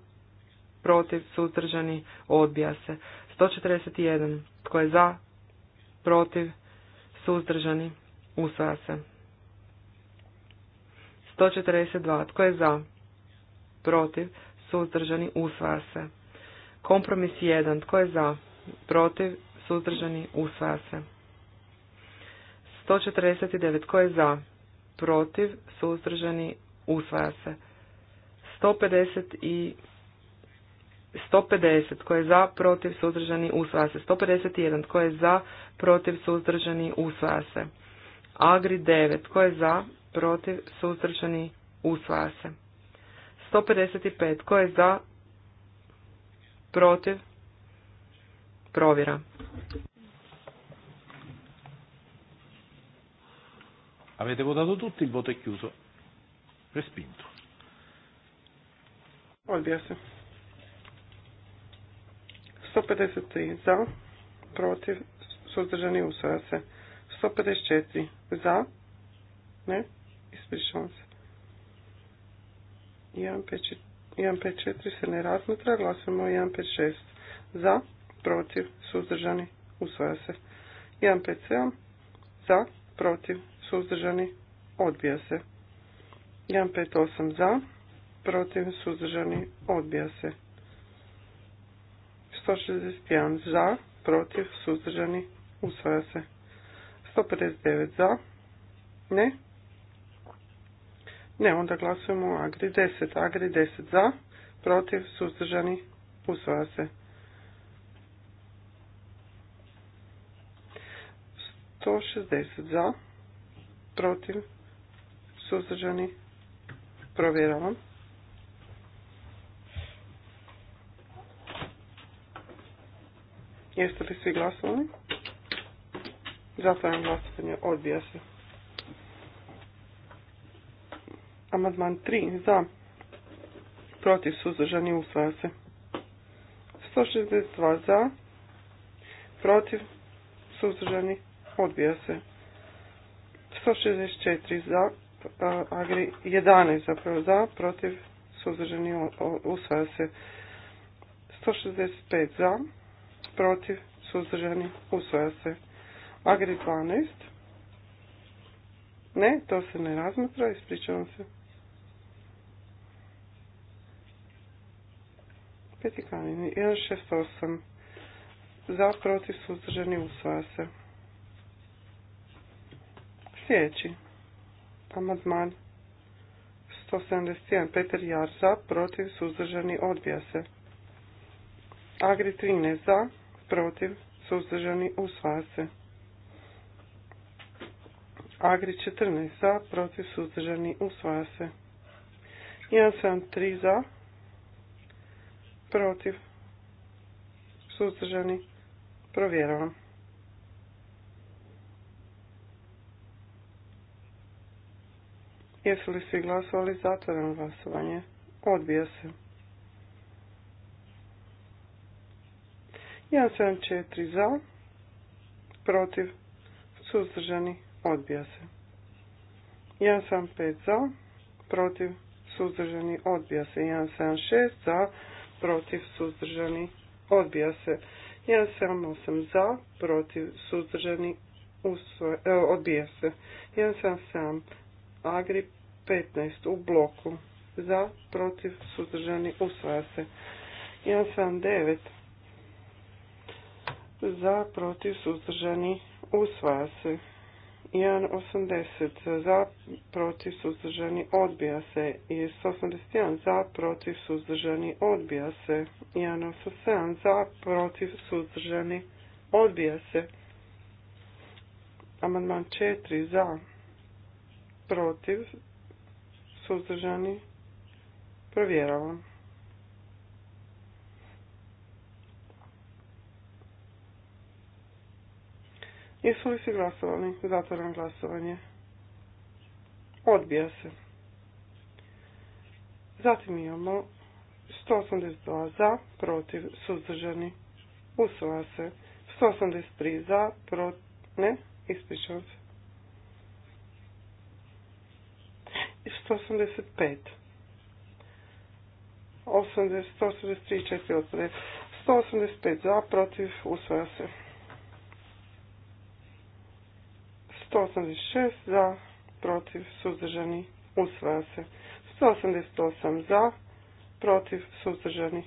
Protiv? Suzdržani? Odbija se. 141. Tko je za? Protiv? Suzdržani. Usvaja se. 142. Tko je za? Protiv. Suzdržani. Usvaja se. Kompromis 1. Tko je za? Protiv. Suzdržani. Usvaja se. 149. Tko je za? Protiv. Suzdržani. Usvaja se. 150 i... 150 tko je za, protiv, suzdržani, usvaja se. 151 tko je za, protiv, suzdržani, usvaja se. Agri 9 tko je za, protiv, suzdržani, usvaja se. 155 tko je za, protiv, provjera. Avete votato tutti, il voto è chiuso. Respinto. Odbija se. 153 za, protiv, suzdržani usvaja se. 154 za, ne, ispričavam se. 154 se ne razmetra, glasujemo 156 za, protiv, suzdržani, usvaja se. 157 za, protiv, suzdržani, odbija se. 158 za, protiv, suzdržani, odbija se. 161 za, protiv, suzdržani, usvaja se. 159 za, ne. Ne, onda glasujemo u Agri 10. Agri 10 za, protiv, suzdržani, usvaja se. 160 za, protiv, suzdržani, provjeravam. Jeste li svi glasovali? Zatvaram glasovanje. Odbija se. Amandman 3. Za. Protiv suzdržani usvaja se. 162 za. Protiv suzdržani odbija se. 164 za. Agri 11 zapravo za. Protiv suzdržani usvaja se. 165 za protiv, suzdržani, usvoja se. Agri 12. Ne, to se ne razmatra, ispričavam se. Peti kanini, 168. Za, protiv, suzdržani, usvoja se. Sljedeći. Amadman. 171. Peter Jar za, protiv, suzdržani, odbija se. Agri 13 za, protiv, suzdržani, usvaja se. Agri 14 za, protiv, suzdržani, usvaja se. 173 za, protiv, suzdržani, provjeravam. Jesu li svi glasovali? Zatvaram glasovanje. Odbija se. 174 za, protiv, suzdržani, odbija se. 175 za, protiv, suzdržani, odbija se. 176 za, protiv, suzdržani, odbija se. 178 za, protiv, suzdržani, e, odbija se. 177 agri 15 u bloku za, protiv, suzdržani, usvaja se. 179 za, protiv, suzdržani, usvaja se. 1.80 za, protiv, suzdržani, odbija se. I 181 za, protiv, suzdržani, odbija se. 1.87 za, protiv, suzdržani, odbija se. Amandman 4 za, protiv, suzdržani, provjeravam. Jesu li svi glasovali? Zatvoram glasovanje. Odbija se. Zatim imamo 182 za, protiv, suzdržani. Usvaja se. 183 za, protiv, ne, ispričam se. 185. 183, 4 185 za, protiv, usvaja se. 186 za, protiv, suzdržani, usvaja se. 188 za, protiv, suzdržani,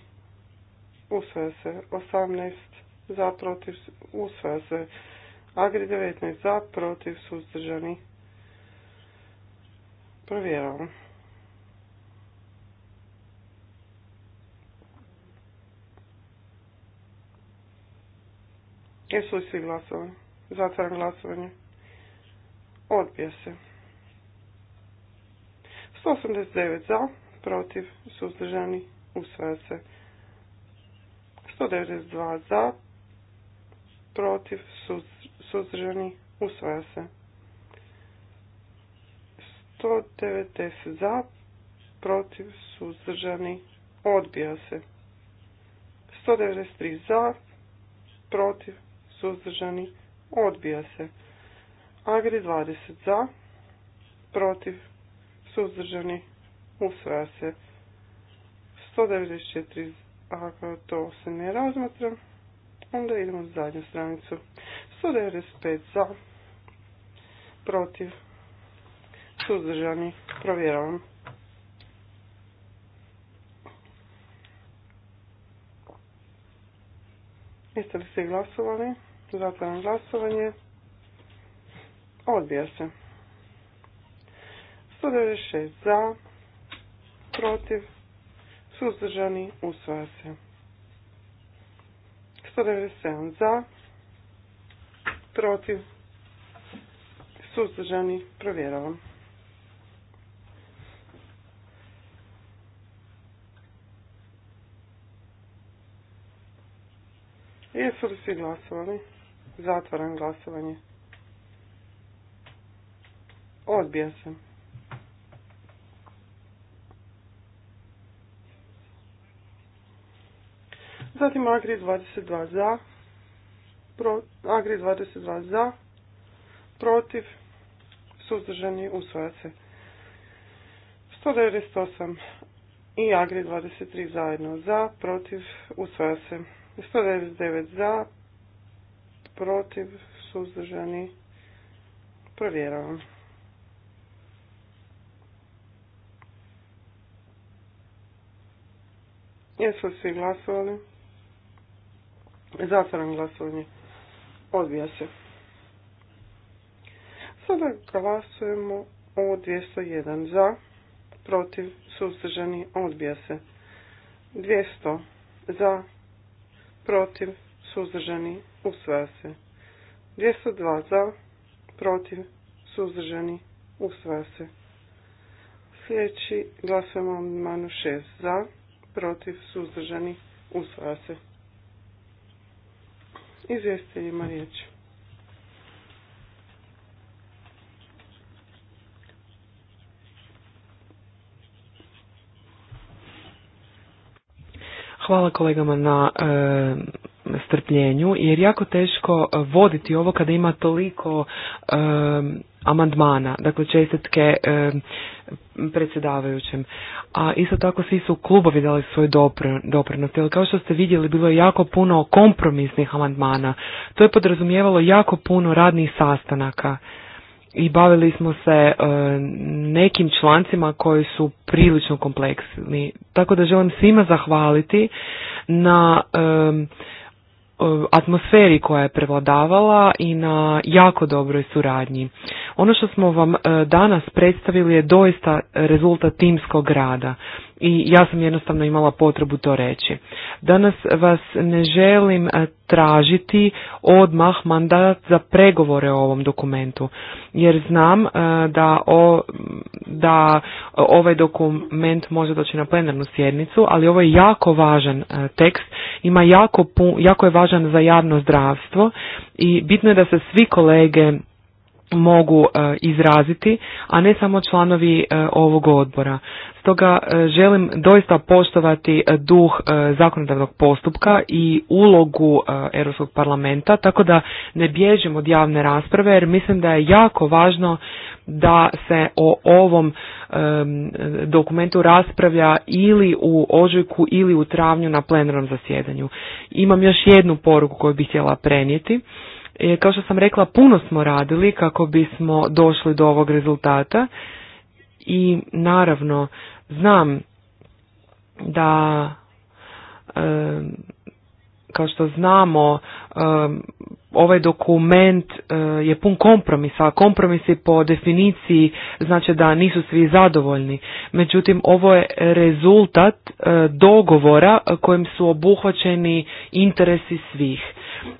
usvaja se. 18 za, protiv, usvaja se. Agri 19 za, protiv, suzdržani. Provjeravamo. Jesu li svi glasovani? Zatvaram glasovanje. Odbija se. 189 za, protiv, suzdržani, usvaja se. 192 za, protiv, suzdržani, usvaja se. 190 za, protiv, suzdržani, odbija se. 193 za, protiv, suzdržani, odbija se. Agri 20 za, protiv, suzdržani, usvaja se. 194, ako to se ne razmatra, onda idemo na zadnju stranicu. 195 za, protiv, suzdržani, provjeravam. Jeste li se glasovali? Zatvaram glasovanje. Odbija se. 196 za, protiv, suzdržani, usvaja se. 197 za, protiv, suzdržani, provjeravam. Jesu li svi glasovali? Zatvaram glasovanje. Odbija se. Zatim Agri 22 za. Agri 22 za. Protiv. Suzdržani usvaja se. 198 i Agri 23 zajedno za. Protiv. Usvaja se. 199 za. Protiv. Suzdržani. Provjeravam. Jesu svi glasovali? Zatvaram glasovanje. Odbija se. Sada glasujemo o 201 za, protiv, suzdržani, odbija se. 200 za, protiv, suzdržani, usvaja se. 202 za, protiv, suzdržani, usvaja se. Sljedeći glasujemo o 6 za, protiv, suzdržani, usvaja se. ima riječ. Hvala kolegama na eh, strpljenju jer jako teško e, voditi ovo kada ima toliko e, amandmana, dakle čestitke um, predsjedavajućem. A isto tako svi su klubovi dali svoj doprinos. Ali kao što ste vidjeli bilo je jako puno kompromisnih amandmana. To je podrazumijevalo jako puno radnih sastanaka i bavili smo se nekim člancima koji su prilično kompleksni. Tako da želim svima zahvaliti na E, atmosferi koja je prevladavala i na jako dobroj suradnji. Ono što smo vam e, danas predstavili je doista rezultat timskog rada i ja sam jednostavno imala potrebu to reći. Danas vas ne želim e, tražiti odmah mandat za pregovore o ovom dokumentu, jer znam e, da, o, da ovaj dokument može doći na plenarnu sjednicu, ali ovo je jako važan e, tekst, ima jako, jako je važan za javno zdravstvo i bitno je da se svi kolege mogu izraziti, a ne samo članovi ovog odbora toga e, želim doista poštovati e, duh e, zakonodavnog postupka i ulogu Europskog parlamenta, tako da ne bježim od javne rasprave jer mislim da je jako važno da se o ovom dokumentu raspravlja ili u ožujku ili u travnju na plenarnom zasjedanju. Imam još jednu poruku koju bih htjela prenijeti. kao što sam rekla, puno smo radili kako bismo došli do ovog rezultata i naravno Znam da, kao što znamo, ovaj dokument e, je pun kompromisa, a kompromisi po definiciji znači da nisu svi zadovoljni. Međutim, ovo je rezultat e, dogovora kojim su obuhvaćeni interesi svih.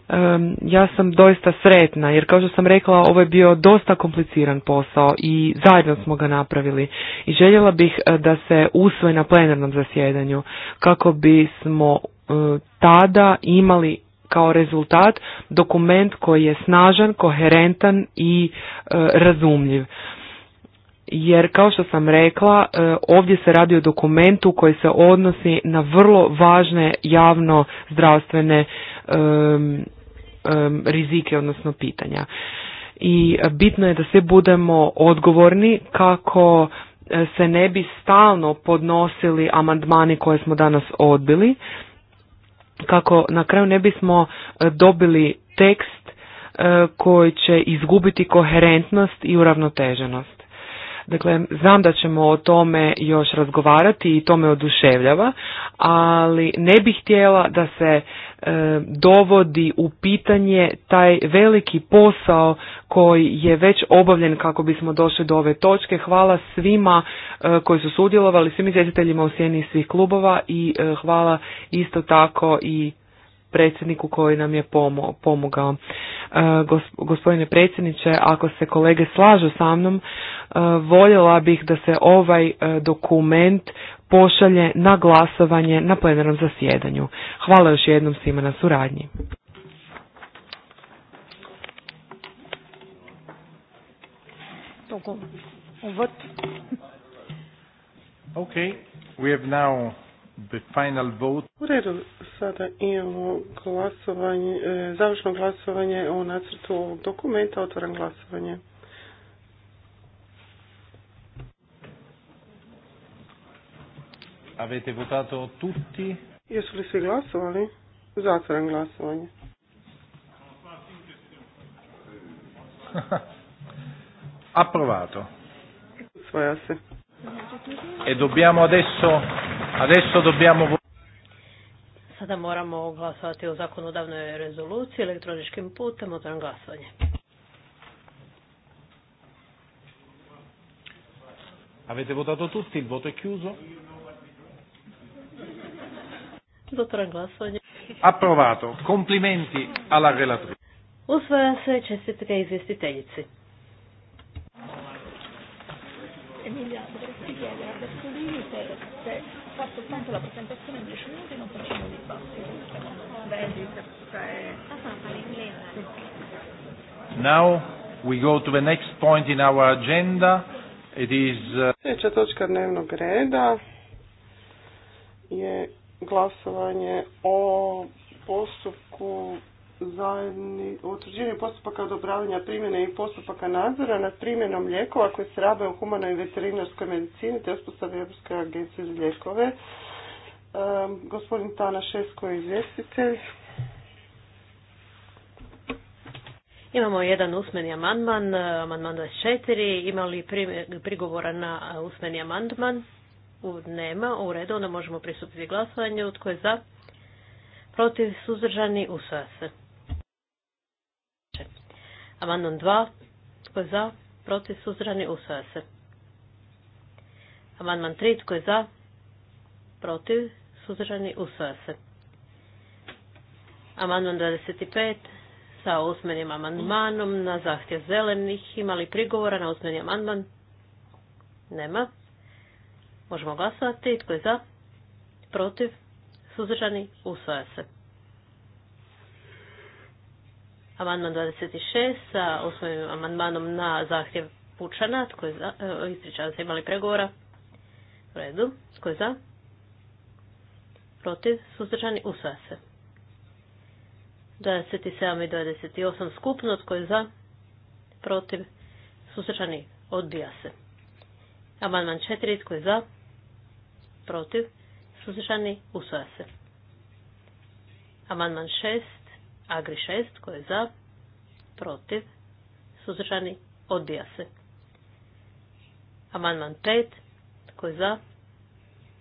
E, ja sam doista sretna jer kao što sam rekla ovo je bio dosta kompliciran posao i zajedno smo ga napravili i željela bih da se usvoje na plenarnom zasjedanju kako bismo tada imali kao rezultat dokument koji je snažan, koherentan i e, razumljiv. Jer kao što sam rekla, e, ovdje se radi o dokumentu koji se odnosi na vrlo važne javno zdravstvene rizike odnosno pitanja. I bitno je da svi budemo odgovorni kako e, se ne bi stalno podnosili amandmani koje smo danas odbili kako na kraju ne bismo e, dobili tekst e, koji će izgubiti koherentnost i uravnoteženost. Dakle, znam da ćemo o tome još razgovarati i to me oduševljava, ali ne bih htjela da se E, dovodi u pitanje taj veliki posao koji je već obavljen kako bismo došli do ove točke. Hvala svima e, koji su sudjelovali, svim izvjetiteljima u sjeni svih klubova i e, hvala isto tako i predsjedniku koji nam je pomogao. Gospodine predsjedniče, ako se kolege slažu sa mnom, voljela bih da se ovaj dokument pošalje na glasovanje na plenarnom zasjedanju. Hvala još jednom svima na suradnji. U redu, sada imamo glasovanje, eh, završno glasovanje o nacrtu ovog dokumenta, otvoram glasovanje. Avete votato tutti? Jesu li svi glasovali? Zatvaram glasovanje. Approvato. Usvaja se. E dobbiamo adesso, adesso dobbiamo Sada moramo glasovati o zakonodavnoj rezoluciji elektroničkim putem, otvaram glasovanje. Avete votato tutti, il voto è chiuso. Zatvoram glasovanje. Approvato. Komplimenti alla relatrice. Usvaja se čestitke izvjestiteljici. Emilia, dovresti chiedere a Bertolini se, se fatto tanto la presentazione in 10 minuti non facciamo il dibattito. Vedi, cioè... Eh. Now we go to the next point in our agenda. It is... Uh... Sljedeća točka dnevnog reda je glasovanje o postupku zajedni, utvrđenju postupaka odobravanja primjene i postupaka nadzora nad primjenom lijekova koji se rabe u humanoj i veterinarskoj medicini te uspostavi Europske agencije za lijekove. E, gospodin Tana Šesko je izvjestitelj. Imamo jedan usmeni amandman, amandman 24. Imali prigovora na usmeni amandman? nema. U redu, onda možemo pristupiti glasovanju. Tko je za? Protiv, suzdržani, usvaja se. Amandman 2. Tko je za? Protiv, suzdržani, usvaja se. Amandman 3. Tko je za? Protiv, suzdržani, usvaja se. Amandman 25 sa usmenim amandmanom na zahtjev zelenih. Imali prigovora na usmeni amandman? Nema. Možemo glasovati. Tko je za? Protiv? Suzdržani? Usvaja se. Amandman 26 sa osnovnim amandmanom na zahtjev Pučana. Tko je za? E, ispričavam se, imali pregovora? U redu. Tko je za? Protiv? Suzdržani? Usvaja se. 27 i 28 skupno. Tko je za? Protiv? Suzdržani? Odbija se. Amandman 4. Tko je za? protiv, suzdržani, usvoja se. Amandman 6, Agri 6, koji je za, protiv, suzdržani, odbija se. Amandman 5, tko je za,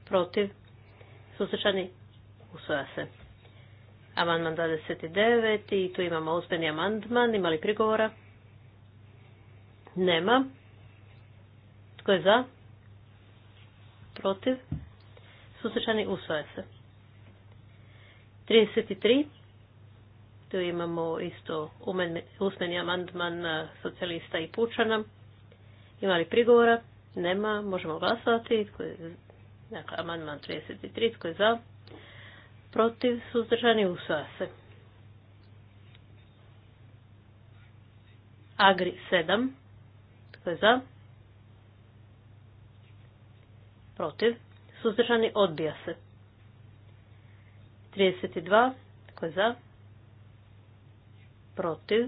protiv, suzdržani, usvoja se. Amandman 29 i tu imamo uspjeni amandman, imali prigovora? Nema. Tko je za? Protiv? Suzdržani usvaja se. 33. Tu imamo isto usmeni amandman socijalista i pučana. Imali prigovora? Nema. Možemo glasovati. Dakle, amandman 33. Tko je za? Protiv. Suzdržani usvaja se. Agri 7. Tko je za? Protiv. Suzdržani odbija se. 32. Tko je za? Protiv.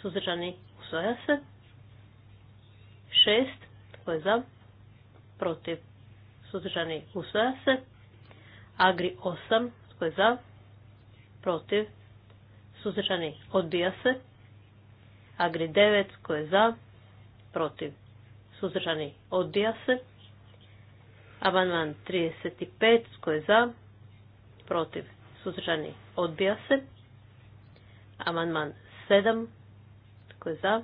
Suzdržani usvaja se. 6. Tko je za? Protiv. Suzdržani usvaja se. Agri 8. Tko je za? Protiv. Suzdržani odbija se. Agri 9. Tko je za? Protiv. Suzdržani odbija se. Amandman 35. Tko je za? Protiv. Suzdržani. Odbija se. Amandman 7. Tko je za?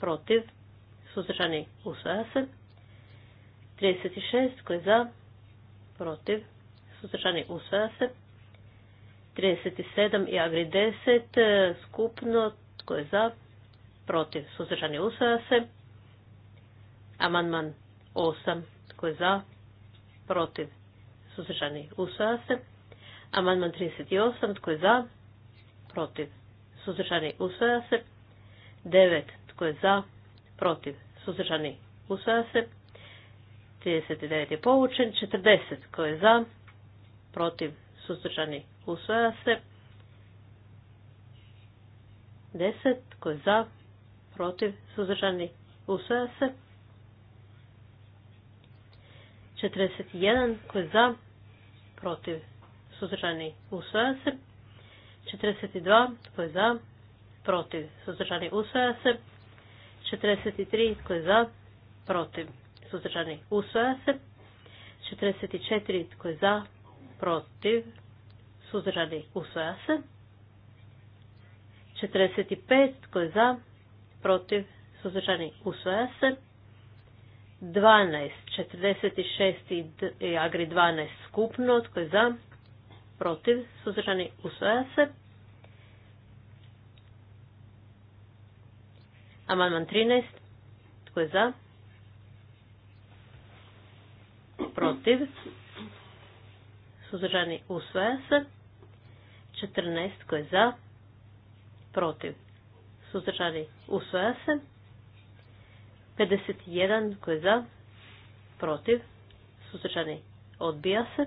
Protiv. Suzdržani. Usvaja se. 36. Tko je za? Protiv. Suzdržani. Usvaja se. 37 i Agri 10 e, skupno, tko je za, protiv, suzdržani usvaja se. Amandman 8 tko je za? Protiv? Suzdržani? Usvaja se. Amandman 38. Tko je za? Protiv? Suzdržani? Usvaja se. 9. Tko je za? Protiv? Suzdržani? Usvaja se. 39 je povučen. 40. Tko je za? Protiv? Suzdržani? Usvaja se. 10. Tko je za? Protiv? Suzdržani? Usvaja se. 41 Koji za, protiv, suzdržani, usvaja se. 42 Koji za, protiv, suzdržani, usvaja se. 43 Koji za, protiv, suzdržani, usvaja se. 44 Koji za, protiv, suzdržani, usvaja se. 45 Koji za, protiv, suzdržani, usvaja se. 12, 46 i e, Agri 12 skupno, tko je za, protiv, suzdržani, usvaja se. Amandman 13, tko je za, protiv, suzdržani, usvaja se. 14, tko je za, protiv, suzdržani, usvaja se. 51 koji je za, protiv, suzdržani, odbija se.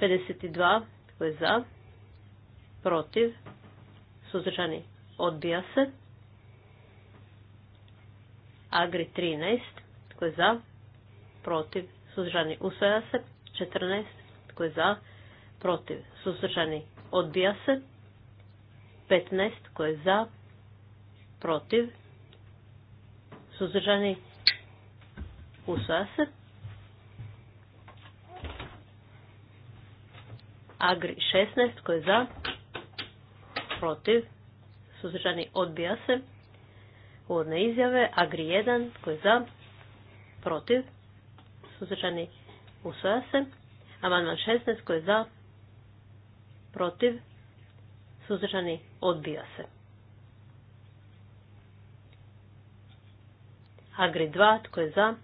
52 koji je za, protiv, suzdržani, odbija se. Agri 13 koji je za, protiv, suzdržani, usvaja se. 14 koji je za, protiv, suzdržani, odbija se. 15 koji je za, protiv, Suzdržani? Usvaja se. Agri 16, koji je za? Protiv. Suzdržani odbija se. Uvodne izjave. Agri 1, koji je za? Protiv. Suzdržani usvaja se. Amandman 16, koji je za? Protiv. Suzdržani odbija se. Agri 2, tko je za,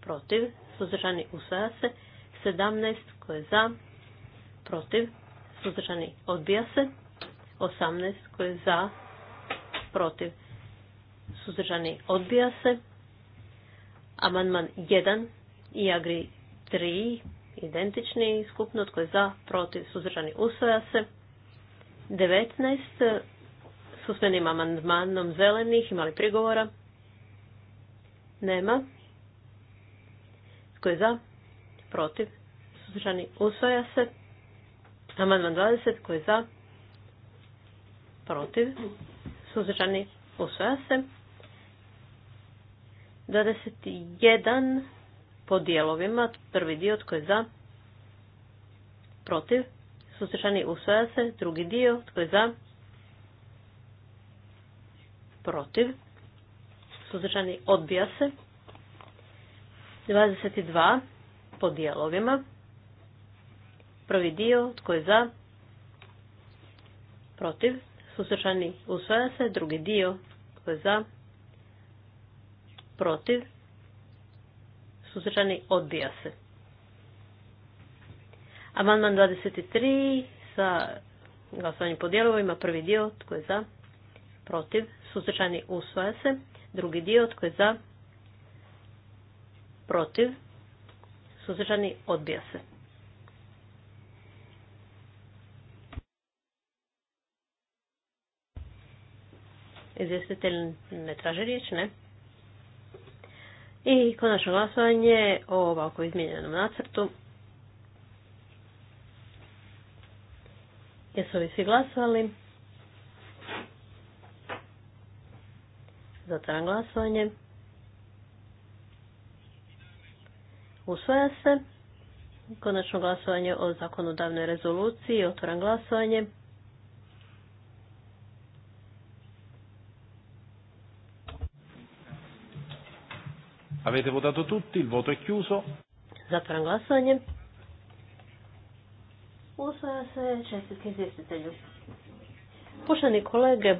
protiv, suzdržani usvaja se. 17, tko je za, protiv, suzdržani odbija se. 18, tko je za, protiv, suzdržani odbija se. Amandman 1 i Agri 3, identični, skupno, tko je za, protiv, suzdržani usvaja se. 19, s usmenim amandmanom zelenih, imali prigovora, nema. Tko je za? Protiv? Suzdržani? Usvaja se. Amandman 20. Tko je za? Protiv? Suzdržani? Usvaja se. 21 po dijelovima. Prvi dio tko je za? Protiv? Suzdržani? Usvaja se. Drugi dio tko je za? Protiv? suzdržani, odbija se. 22 po dijelovima. Prvi dio, tko je za, protiv, suzdržani, usvaja se. Drugi dio, tko je za, protiv, suzdržani, odbija se. Amandman 23 sa glasovanjem po dijelovima, prvi dio, tko je za, protiv, suzdržani, usvaja se. Drugi dio, tko je za? Protiv? Suzdržani? Odbija se. Izvjestitelj ne traže riječ, ne? I konačno glasovanje o ovako izmijenjenom nacrtu. Jesu li svi glasovali? Zatvaram glasovanje. Usvaja se. Konačno glasovanje o zakonodavnoj rezoluciji. Otvaram glasovanje. Avete votato tutti, il voto è chiuso. Zatvaram glasovanje. Usvaja se čestitke izvjestitelju. Poštovani kolege,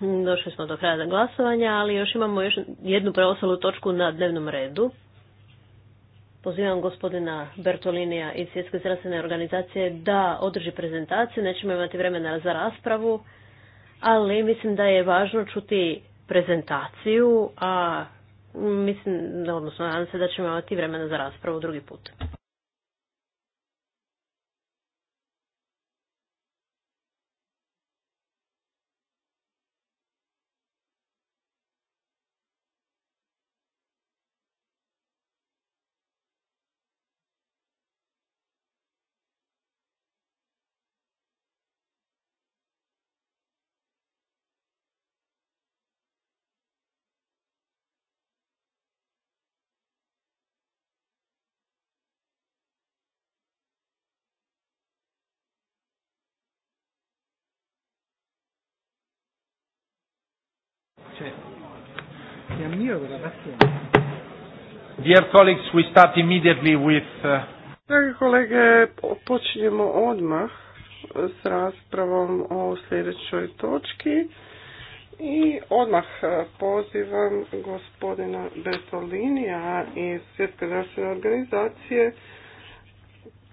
Došli smo do kraja glasovanja, ali još imamo još jednu preostalu točku na dnevnom redu. Pozivam gospodina Bertolinija iz Svjetske zdravstvene organizacije da održi prezentaciju, nećemo imati vremena za raspravu, ali mislim da je važno čuti prezentaciju, a mislim, odnosno nadam se da ćemo imati vremena za raspravu drugi put. Dear colleagues, we start immediately with... Uh, kolege, počinjemo odmah s raspravom o sljedećoj točki i odmah e, pozivam gospodina Bertolinija iz Svjetske zdravstvene organizacije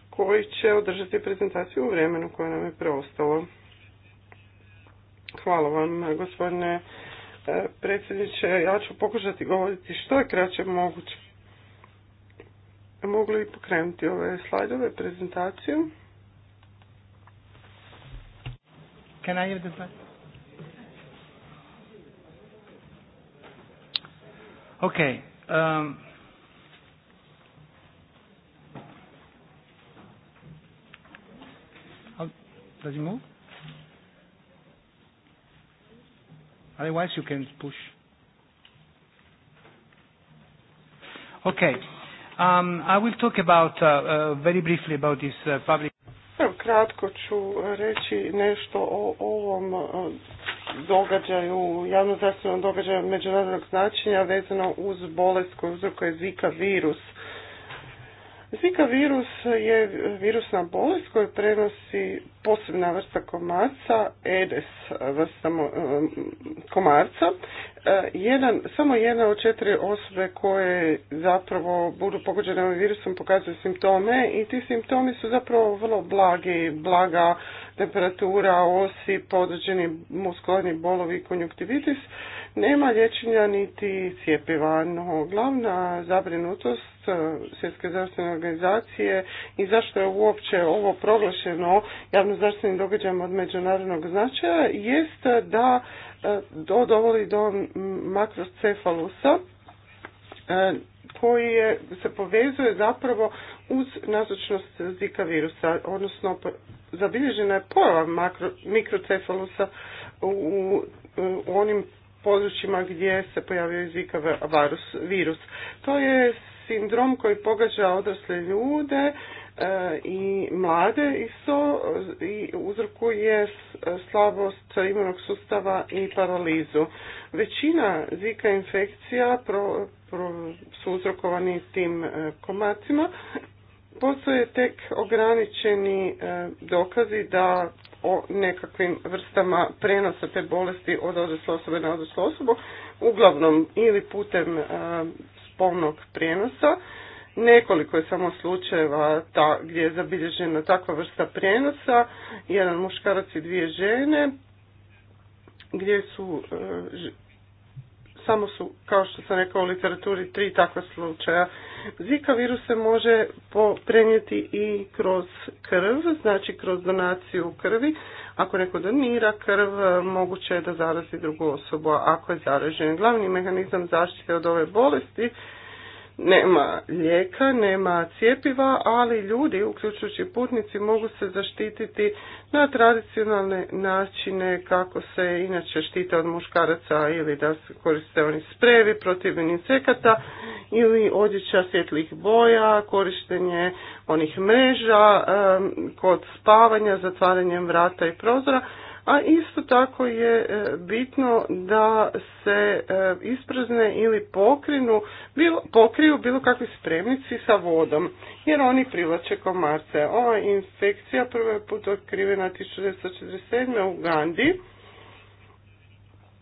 koji će održati prezentaciju u vremenu koje nam je preostalo. Hvala vam gospodine E, predsjedniče. Ja ću pokušati govoriti što je kraće moguće. Mogu li pokrenuti ove slajdove, prezentaciju? Can I have the Okay. Um, Otherwise, you can push. Okay. Um, I will talk about uh, uh, very briefly about this uh, public. Kratko ću reći nešto o ovom uh, događaju, javno-zdravstvenom događaju međunarodnog značenja vezano uz bolest koju uzrokuje Zika virus. Zika virus je virusna bolest koju prenosi posebna vrsta komarca, Edes vrsta komarca, e, jedan, samo jedna od četiri osobe koje zapravo budu pogođene ovim virusom pokazuju simptome i ti simptomi su zapravo vrlo blagi, blaga temperatura, osi, određeni muskularni bolovi, i konjuktivitis. Nema liječenja niti cijepiva, no glavna zabrinutost e, Svjetske zdravstvene organizacije i zašto je uopće ovo proglašeno javno zdravstvenim s od međunarodnog značaja jest da do, e, dovoli do makrocefalusa e, koji je, se povezuje zapravo uz nazočnost zika virusa, odnosno zabilježena je pojava mikrocefalusa u, u onim područjima gdje se pojavio zika virus. To je sindrom koji pogađa odrasle ljude E, i mlade i so e, i uzrokuje e, slabost imunog sustava i paralizu. Većina zika infekcija pro, pro, su uzrokovani tim komacima. Postoje tek ograničeni dokazi da o nekakvim vrstama prenosa te bolesti od odrasle osobe na odraslu osobu, uglavnom ili putem spolnog prijenosa, Nekoliko je samo slučajeva ta, gdje je zabilježena takva vrsta prijenosa, jedan muškarac i dvije žene, gdje su, e, samo su, kao što sam rekao u literaturi, tri takva slučaja. Zika virus se može prenijeti i kroz krv, znači kroz donaciju krvi. Ako neko donira krv, moguće je da zarazi drugu osobu, ako je zaražen. Glavni mehanizam zaštite od ove bolesti nema lijeka, nema cjepiva, ali ljudi, uključujući putnici, mogu se zaštititi na tradicionalne načine kako se inače štite od muškaraca ili da se koriste oni sprevi protiv insekata ili odjeća svjetlih boja, korištenje onih mreža kod spavanja, zatvaranjem vrata i prozora a isto tako je e, bitno da se e, isprazne ili pokrinu, bilo, pokriju bilo kakvi spremnici sa vodom, jer oni privlače komarce. Ova infekcija prvo je put otkrivena 1947. u Gandhi.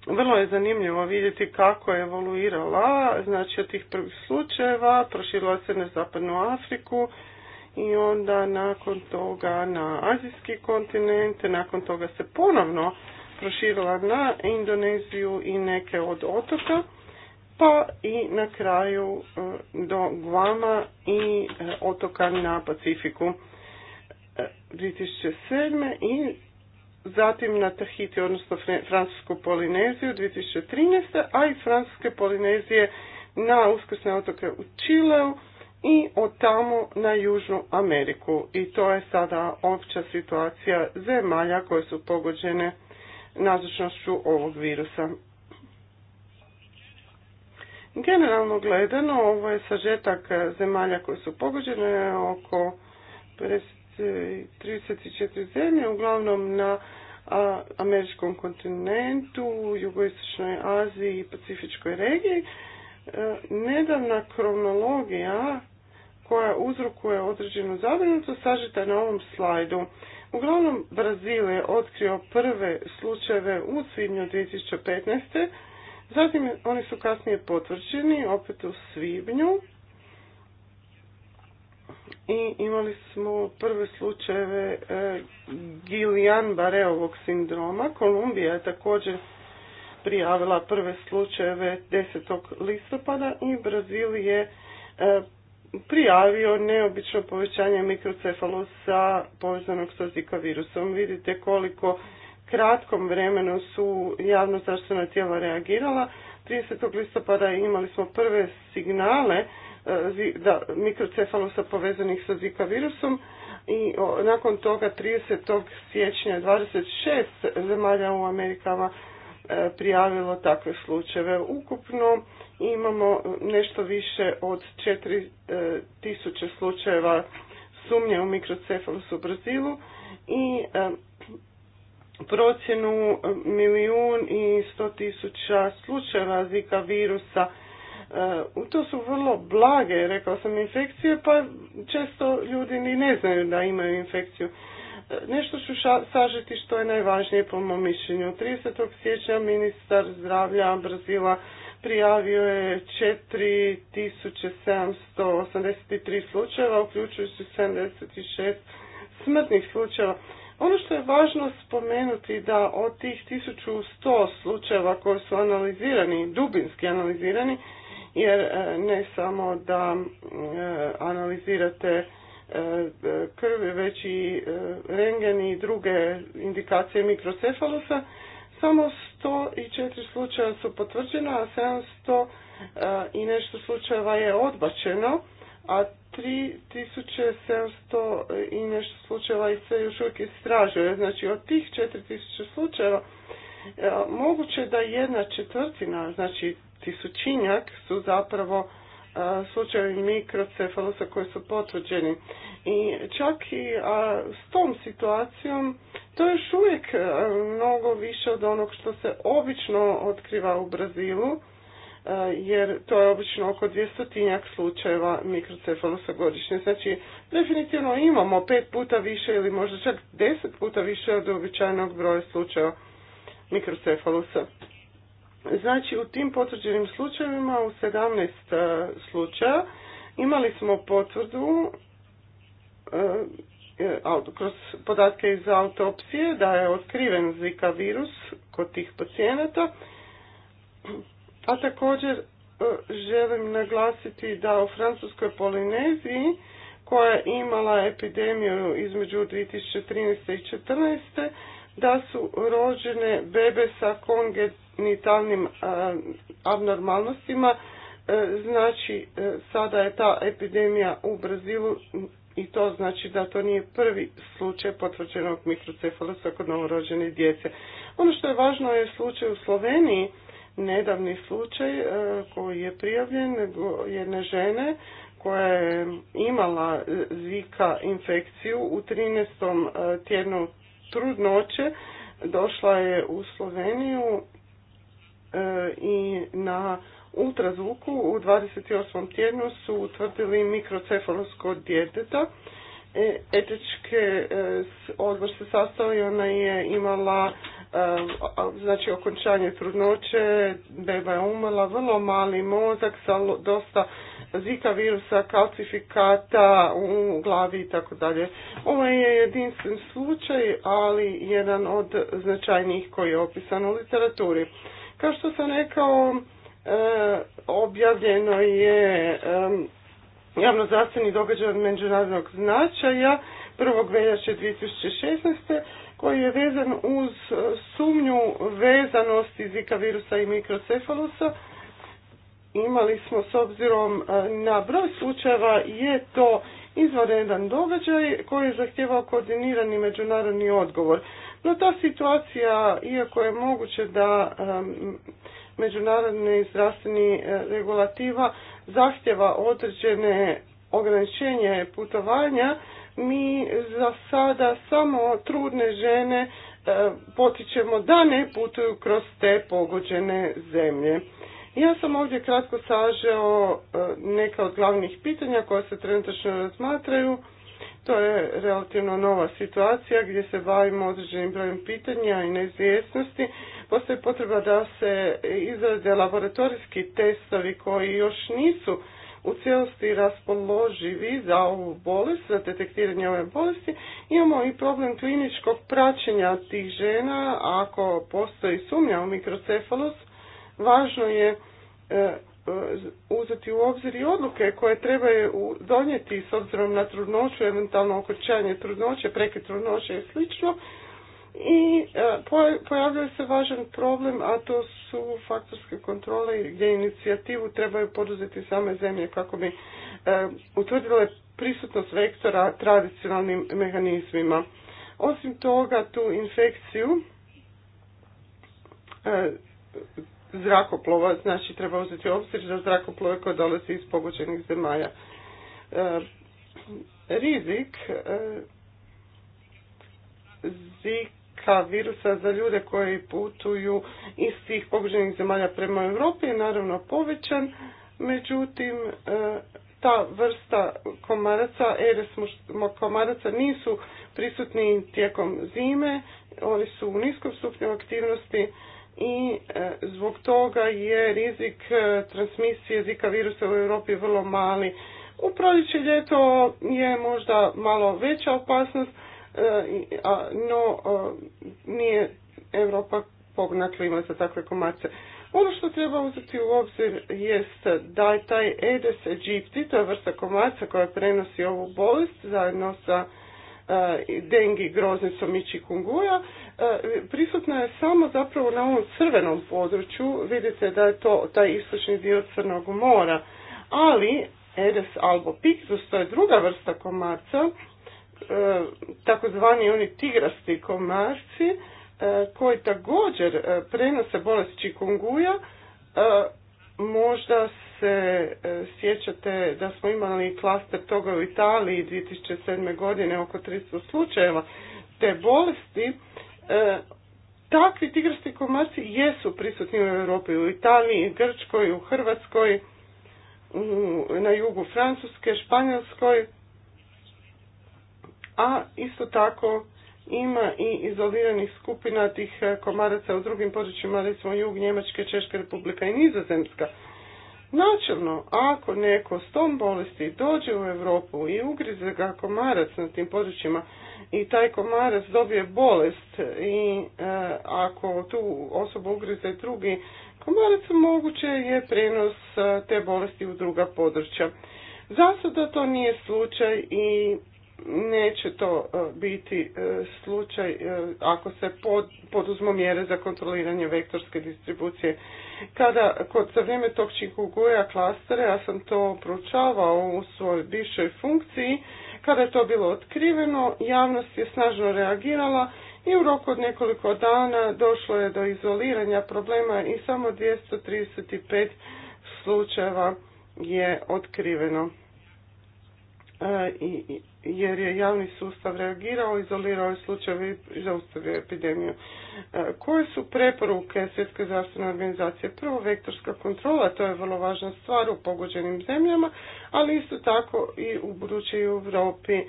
Vrlo je zanimljivo vidjeti kako je evoluirala, znači od tih prvih slučajeva, proširila se na zapadnu Afriku, i onda nakon toga na azijski kontinent, nakon toga se ponovno proširila na Indoneziju i neke od otoka, pa i na kraju e, do Guama i e, otoka na Pacifiku 2007. E, i zatim na Tahiti, odnosno Francusku Polineziju 2013. a i Francuske Polinezije na uskrsne otoke u Čileu i od tamo na Južnu Ameriku. I to je sada opća situacija zemalja koje su pogođene nazočnošću ovog virusa. Generalno gledano, ovo je sažetak zemalja koje su pogođene, oko 34 zemlje, uglavnom na američkom kontinentu, jugoistočnoj Aziji i pacifičkoj regiji. E, nedavna kronologija koja uzrokuje određenu zabrinutost sažeta na ovom slajdu. Uglavnom, Brazil je otkrio prve slučajeve u svibnju 2015. Zatim oni su kasnije potvrđeni, opet u svibnju. I imali smo prve slučajeve e, Gillian-Bareovog sindroma. Kolumbija je također prijavila prve slučajeve 10. listopada i Brazil je e, prijavio neobično povećanje mikrocefalosa povezanog sa zika virusom. Vidite koliko kratkom vremenu su javno zdravstvena tijela reagirala. 30. listopada imali smo prve signale e, da mikrocefalosa povezanih sa zika virusom i nakon toga 30. siječnja 26 zemalja u Amerikama prijavilo takve slučajeve. Ukupno imamo nešto više od 4000 e, slučajeva sumnje u mikrocefalus u Brazilu i e, procjenu milijun i sto tisuća slučajeva zika virusa. E, to su vrlo blage, rekao sam, infekcije, pa često ljudi ni ne znaju da imaju infekciju. Nešto ću sažeti što je najvažnije po mom mišljenju. 30. siječnja ministar zdravlja Brazila prijavio je 4783 slučajeva, uključujući 76 smrtnih slučajeva. Ono što je važno spomenuti da od tih 1100 slučajeva koji su analizirani, dubinski analizirani, jer e, ne samo da e, analizirate krvi, već i e, rengen i druge indikacije mikrocefalosa. Samo 104 slučaja su potvrđena, a 700 e, i nešto slučajeva je odbačeno, a 3700 i nešto slučajeva i se još uvijek istražuje. Znači od tih 4000 slučajeva e, moguće da jedna četvrtina, znači tisućinjak su zapravo slučajevi mikrocefalusa koji su potvrđeni. I čak i a, s tom situacijom to je još uvijek mnogo više od onog što se obično otkriva u Brazilu, jer to je obično oko dvjestotinjak slučajeva mikrocefalusa godišnje. Znači, definitivno imamo pet puta više ili možda čak deset puta više od običajnog broja slučajeva mikrocefalusa. Znači u tim potvrđenim slučajevima, u 17 e, slučaja, imali smo potvrdu e, e, kroz podatke iz autopsije da je otkriven zika virus kod tih pacijenata. A također želim naglasiti da u Francuskoj Polineziji koja je imala epidemiju između 2013. i 2014. da su rođene bebe sa konget genitalnim e, abnormalnostima. E, znači, e, sada je ta epidemija u Brazilu i to znači da to nije prvi slučaj potvrđenog mikrocefalosa kod novorođene djece. Ono što je važno je slučaj u Sloveniji, nedavni slučaj koji je prijavljen jedne žene koja je imala zika infekciju u 13. tjednu trudnoće, došla je u Sloveniju E, i na ultrazvuku u 28. tjednu su utvrdili mikrocefalosko djeteta. E, Etički e, odbor se sastao i ona je imala znači okončanje trudnoće, beba je umrla, vrlo mali mozak sa dosta zika virusa, kalcifikata u glavi i tako dalje. Ovo je jedinstven slučaj, ali jedan od značajnijih koji je opisan u literaturi. Kao što sam rekao, e, objavljeno je e, javnozdravstveni događaj međunarodnog značaja 1. veljače 2016. koji je vezan uz sumnju vezanosti zika virusa i mikrocefalusa. Imali smo s obzirom e, na broj slučajeva je to izvanredan događaj koji je zahtjevao koordinirani međunarodni odgovor. No ta situacija, iako je moguće da međunarodni zdravstveni e, regulativa zahtjeva određene ograničenje putovanja, mi za sada samo trudne žene e, potičemo da ne putuju kroz te pogođene zemlje. Ja sam ovdje kratko sažeo e, neka od glavnih pitanja koja se trenutačno razmatraju. To je relativno nova situacija gdje se bavimo određenim brojem pitanja i neizvjesnosti. Postoji potreba da se izrade laboratorijski testovi koji još nisu u cijelosti raspoloživi za ovu bolest, za detektiranje ove bolesti. Imamo i problem kliničkog praćenja tih žena. Ako postoji sumnja u mikrocefalus, važno je e, E, uzeti u obzir i odluke koje trebaju donijeti s obzirom na trudnoću, eventualno okrećanje trudnoće, preke trudnoće i slično. I e, pojavljuje se važan problem, a to su faktorske kontrole gdje inicijativu trebaju poduzeti same zemlje kako bi e, utvrdile prisutnost vektora tradicionalnim mehanizmima. Osim toga, tu infekciju zrakoplova, znači treba uzeti obzir za zrakoplove koje dolaze iz pogođenih zemalja. E, rizik e, zika virusa za ljude koji putuju iz tih pogođenih zemalja prema Europi je naravno povećan, međutim e, ta vrsta komaraca, Eres komaraca nisu prisutni tijekom zime, oni su u niskom stupnju aktivnosti, i e, zbog toga je rizik e, transmisije zika virusa u Europi vrlo mali. U proljeće ljeto je možda malo veća opasnost, e, no nije Europa pogna klima za takve komarce. Ono što treba uzeti u obzir jest da je taj Aedes aegypti, to je vrsta komarca koja prenosi ovu bolest zajedno sa dengi, groznicom i čikunguja, e, prisutna je samo zapravo na ovom crvenom području, vidite da je to taj istočni dio Crnog mora, ali Edes albo pixus to je druga vrsta komarca, e, takozvani oni tigrasti komarci, e, koji također prenose bolest čikunguja, možda se e, sjećate da smo imali klaster toga u Italiji 2007. godine oko 300 slučajeva te bolesti, e, takvi tigrasti komarci jesu prisutni u Europi, u Italiji, Grčkoj, u Hrvatskoj, na jugu Francuske, Španjolskoj, a isto tako ima i izoliranih skupina tih e, komaraca u drugim područjima, recimo jug Njemačke, Češka republika i Nizozemska. Načelno, ako neko s tom bolesti dođe u Europu i ugrize ga komarac na tim područjima i taj komarac dobije bolest i e, ako tu osobu ugrize drugi komarac, moguće je prenos e, te bolesti u druga područja. zasada to nije slučaj i neće to e, biti e, slučaj e, ako se poduzmu mjere za kontroliranje vektorske distribucije. Kada kod za vrijeme tog čikuguja klastere, ja sam to proučavao u svojoj bivšoj funkciji, kada je to bilo otkriveno, javnost je snažno reagirala i u roku od nekoliko dana došlo je do izoliranja problema i samo 235 slučajeva je otkriveno. E, jer je javni sustav reagirao, izolirao je slučajeve i zaustavio epidemiju. E, koje su preporuke Svjetske zdravstvene organizacije? Prvo, vektorska kontrola, to je vrlo važna stvar u pogođenim zemljama, ali isto tako i u budućoj Europi e,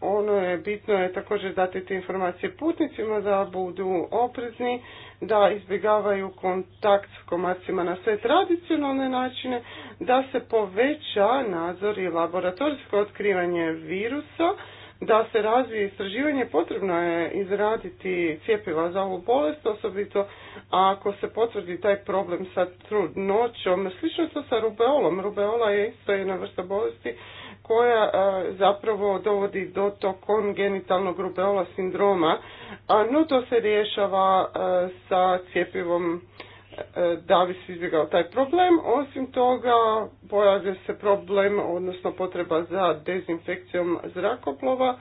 ono je bitno je također dati te informacije putnicima da budu oprezni, da izbjegavaju kontakt s komacima na sve tradicionalne načine, da se poveća nadzor i laboratorijsko otkrivanje virusa, da se razvije istraživanje, potrebno je izraditi cjepiva za ovu bolest, osobito ako se potvrdi taj problem sa trudnoćom. Slično to sa rubeolom. Rubeola je isto jedna vrsta bolesti koja zapravo dovodi do tog kongenitalnog rubeola sindroma, a no to se rješava sa cijepivom da bi se izbjegao taj problem. Osim toga, pojavlja se problem, odnosno potreba za dezinfekcijom zrakoplova.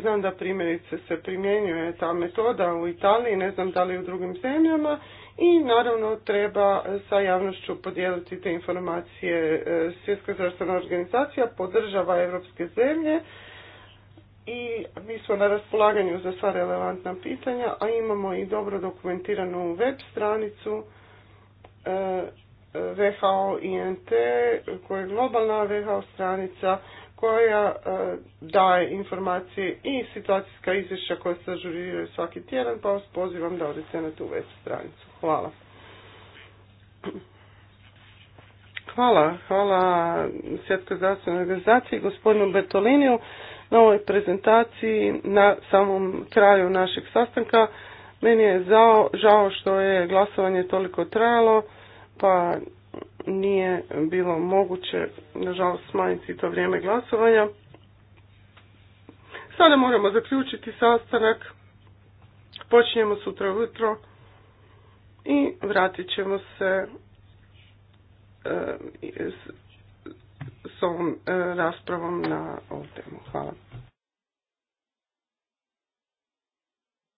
Znam da primjerice se primjenjuje ta metoda u Italiji, ne znam da li u drugim zemljama i naravno treba sa javnošću podijeliti te informacije. E, Svjetska zdravstvena organizacija podržava evropske zemlje i mi smo na raspolaganju za sva relevantna pitanja, a imamo i dobro dokumentiranu web stranicu WHO e, INT koja je globalna WHO stranica koja e, daje informacije i situacijska izvješća koja se ažuriraju svaki tjedan, pa vas pozivam da odete na tu web stranicu. Hvala. Hvala, hvala Svjetskoj zdravstvenoj organizaciji, gospodinu Bertoliniju na ovoj prezentaciji na samom kraju našeg sastanka. Meni je zao, žao što je glasovanje toliko trajalo, pa nije bilo moguće, nažalost, smanjiti to vrijeme glasovanja. Sada moramo zaključiti sastanak. Počinjemo sutra ujutro i vratit ćemo se eh, s ovom eh, raspravom na ovu temu. Hvala.